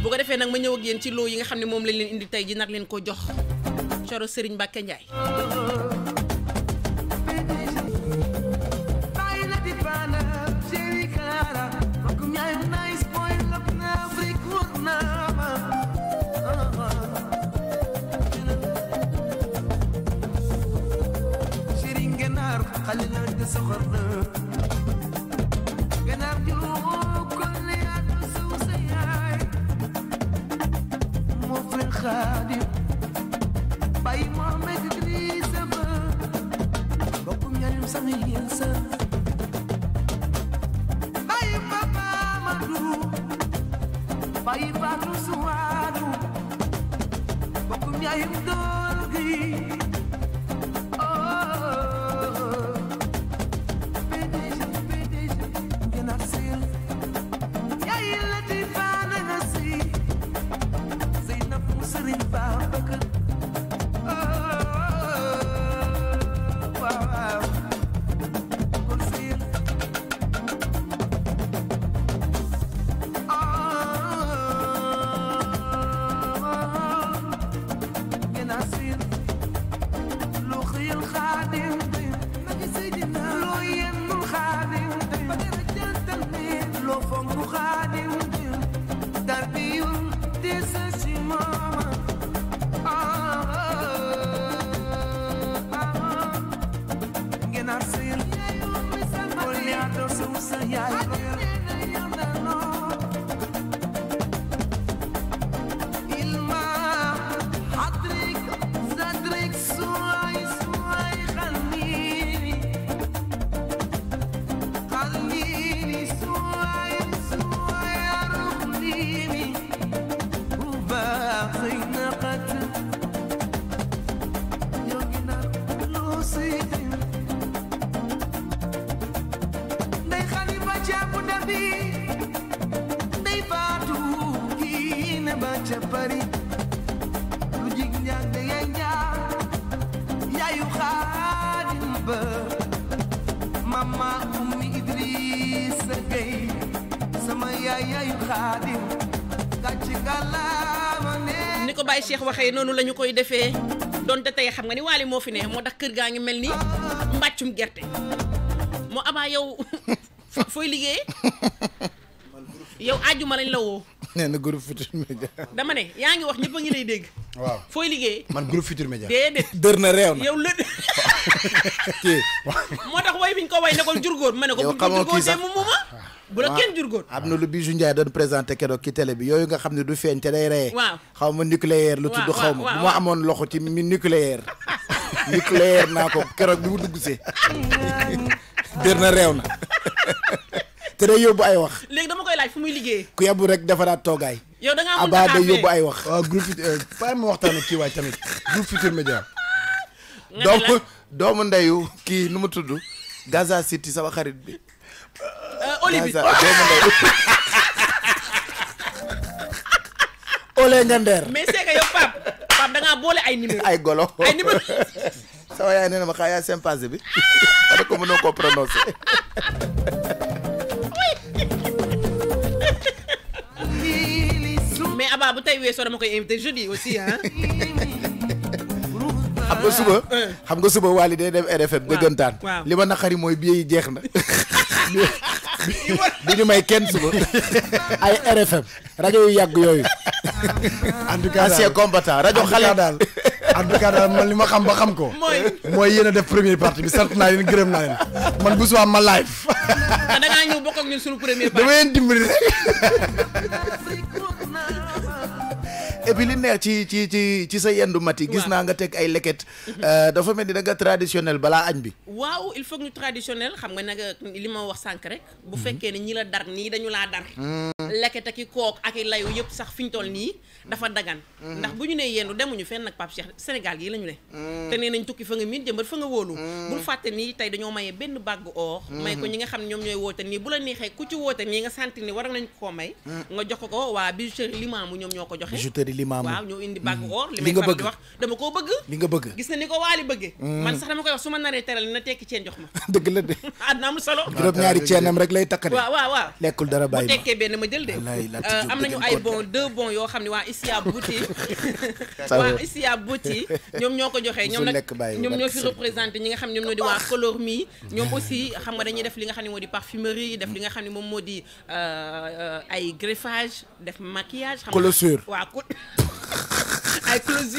Speaker 2: bu ko defé nak ma ñew ak yeen ci lo yi nga xamni mom lañ leen indi tay ji nak leen ko jox choro Serigne mbacke ndjay time noonu la ñu koy defee donte tey xam nga ni waali moo fi ne moo tax kër gaa ngi mel ni mbàccum gerte moo abaa yow fooy liggéey yow àjjuma lañ la woo.
Speaker 1: nee na groupe Futur Media.
Speaker 2: dama ne yaa ngi wax ñëpp a ngi lay dégg. waaw fooy liggéey.
Speaker 1: man groupe Futur Media. déedéet dër na réew na yow lë. moo tax way
Speaker 2: bi ko way ne ko jurgóor ma ne ko. yow xamoo kii sax bu la ah, kenn
Speaker 1: jur góor am na lu Bijou Ndiaye doon présenté keroog ci télé bi yooyu nga xam ne du feeñ te day reye waaw xaw ma nucléaire lu tudd xaw ma bu ma amoon loxo ci mi nucléaire
Speaker 5: nucléaire naa
Speaker 1: ko keroog bi mu dugg see dér na réew na te day yóbbu ay wax
Speaker 2: léegi dama muy liggéey
Speaker 1: ku yàbbu rek defaraat toogaay
Speaker 2: yow da abaa day yóbbu ay
Speaker 1: wax waaw groupe fa euh, ma waxtaan ak kii waay tamit groupe Futurs Médias doomu doomu ndeyu kii nu mu tudd Gaza City sama xarit bi
Speaker 2: Euh, Olivier
Speaker 1: Ole Ngander mais c'est
Speaker 2: que yow Pape boole
Speaker 1: ay numéro ay golo ay yaay nee na ma xaa yaa bi ma ne ko mënoo ko prononcer
Speaker 2: mais Abba bu tey weesoo dama koy invité jeudi aussi ah
Speaker 1: xam nga suba eh. xam nga suba Wally day dem RFM li ma naqari mooy billet yi jeex na du ñu may kenn suba ay RFM rajo yu yàgg yooyu en tout cas ancien rajo xale daal en daal man li ma xam ba xam ko mooy yéen a def première partie bi sant naa leen gërëm naa leen man bu subaa ma live
Speaker 2: ah, dangaa ñëw bokk ak ñun
Speaker 1: et puis li neex ci ci ci ci sa yendu mati gis naa nga teg ay leket euh, dafa mel ni da traditionnel balaa añ bi
Speaker 2: waaw il faut que ñu traditionnel xam nga nag li ma wax sànq rek bu mhm. fekkee ne ñi la dar nii dañu laa dar mm. leket ak i kook ak i layu yëpp sax fi ñu toll nii mm. dafa dagan mm. ndax bu ñu nee yendu demuñu fenn nag Pape Cheikh Sénégal gii la ñu ne te nee nañ tukki fa nga miin jëmbat fa nga wóolu bul fàtte nii tey dañoo mayee benn bàgg or may ko ñi nga xam ñoom ñooy woote bu la neexee ku ci woote nii nga sentir ni war may nga jox ko waa bijouterie limaamu ñoom
Speaker 1: limaamu waaw ñoo indi bàgg mm. or li nga bëgg wax
Speaker 2: dama koo bëgg li nga bëgg gis na ni ko waali bëggee mm. man sax dama koy wax su ma naree teral na tekki ceen jox ma dëgg la de àddina ah, am solo juróom ñaari ceenam rek
Speaker 1: lay takk de waaw waaw waaw lekkul dara bàyyi
Speaker 2: ma jël de euh, am nañu ne waa Isia Bouti waa ñoom ñoo ko joxee ñoom nag ñoom ñoo di waa Color Me ñoom aussi xam nga dañuy def li nga xam ne moo di parfumerie def li nga xam ne moom moo di euh, euh, ay greffage def I close it.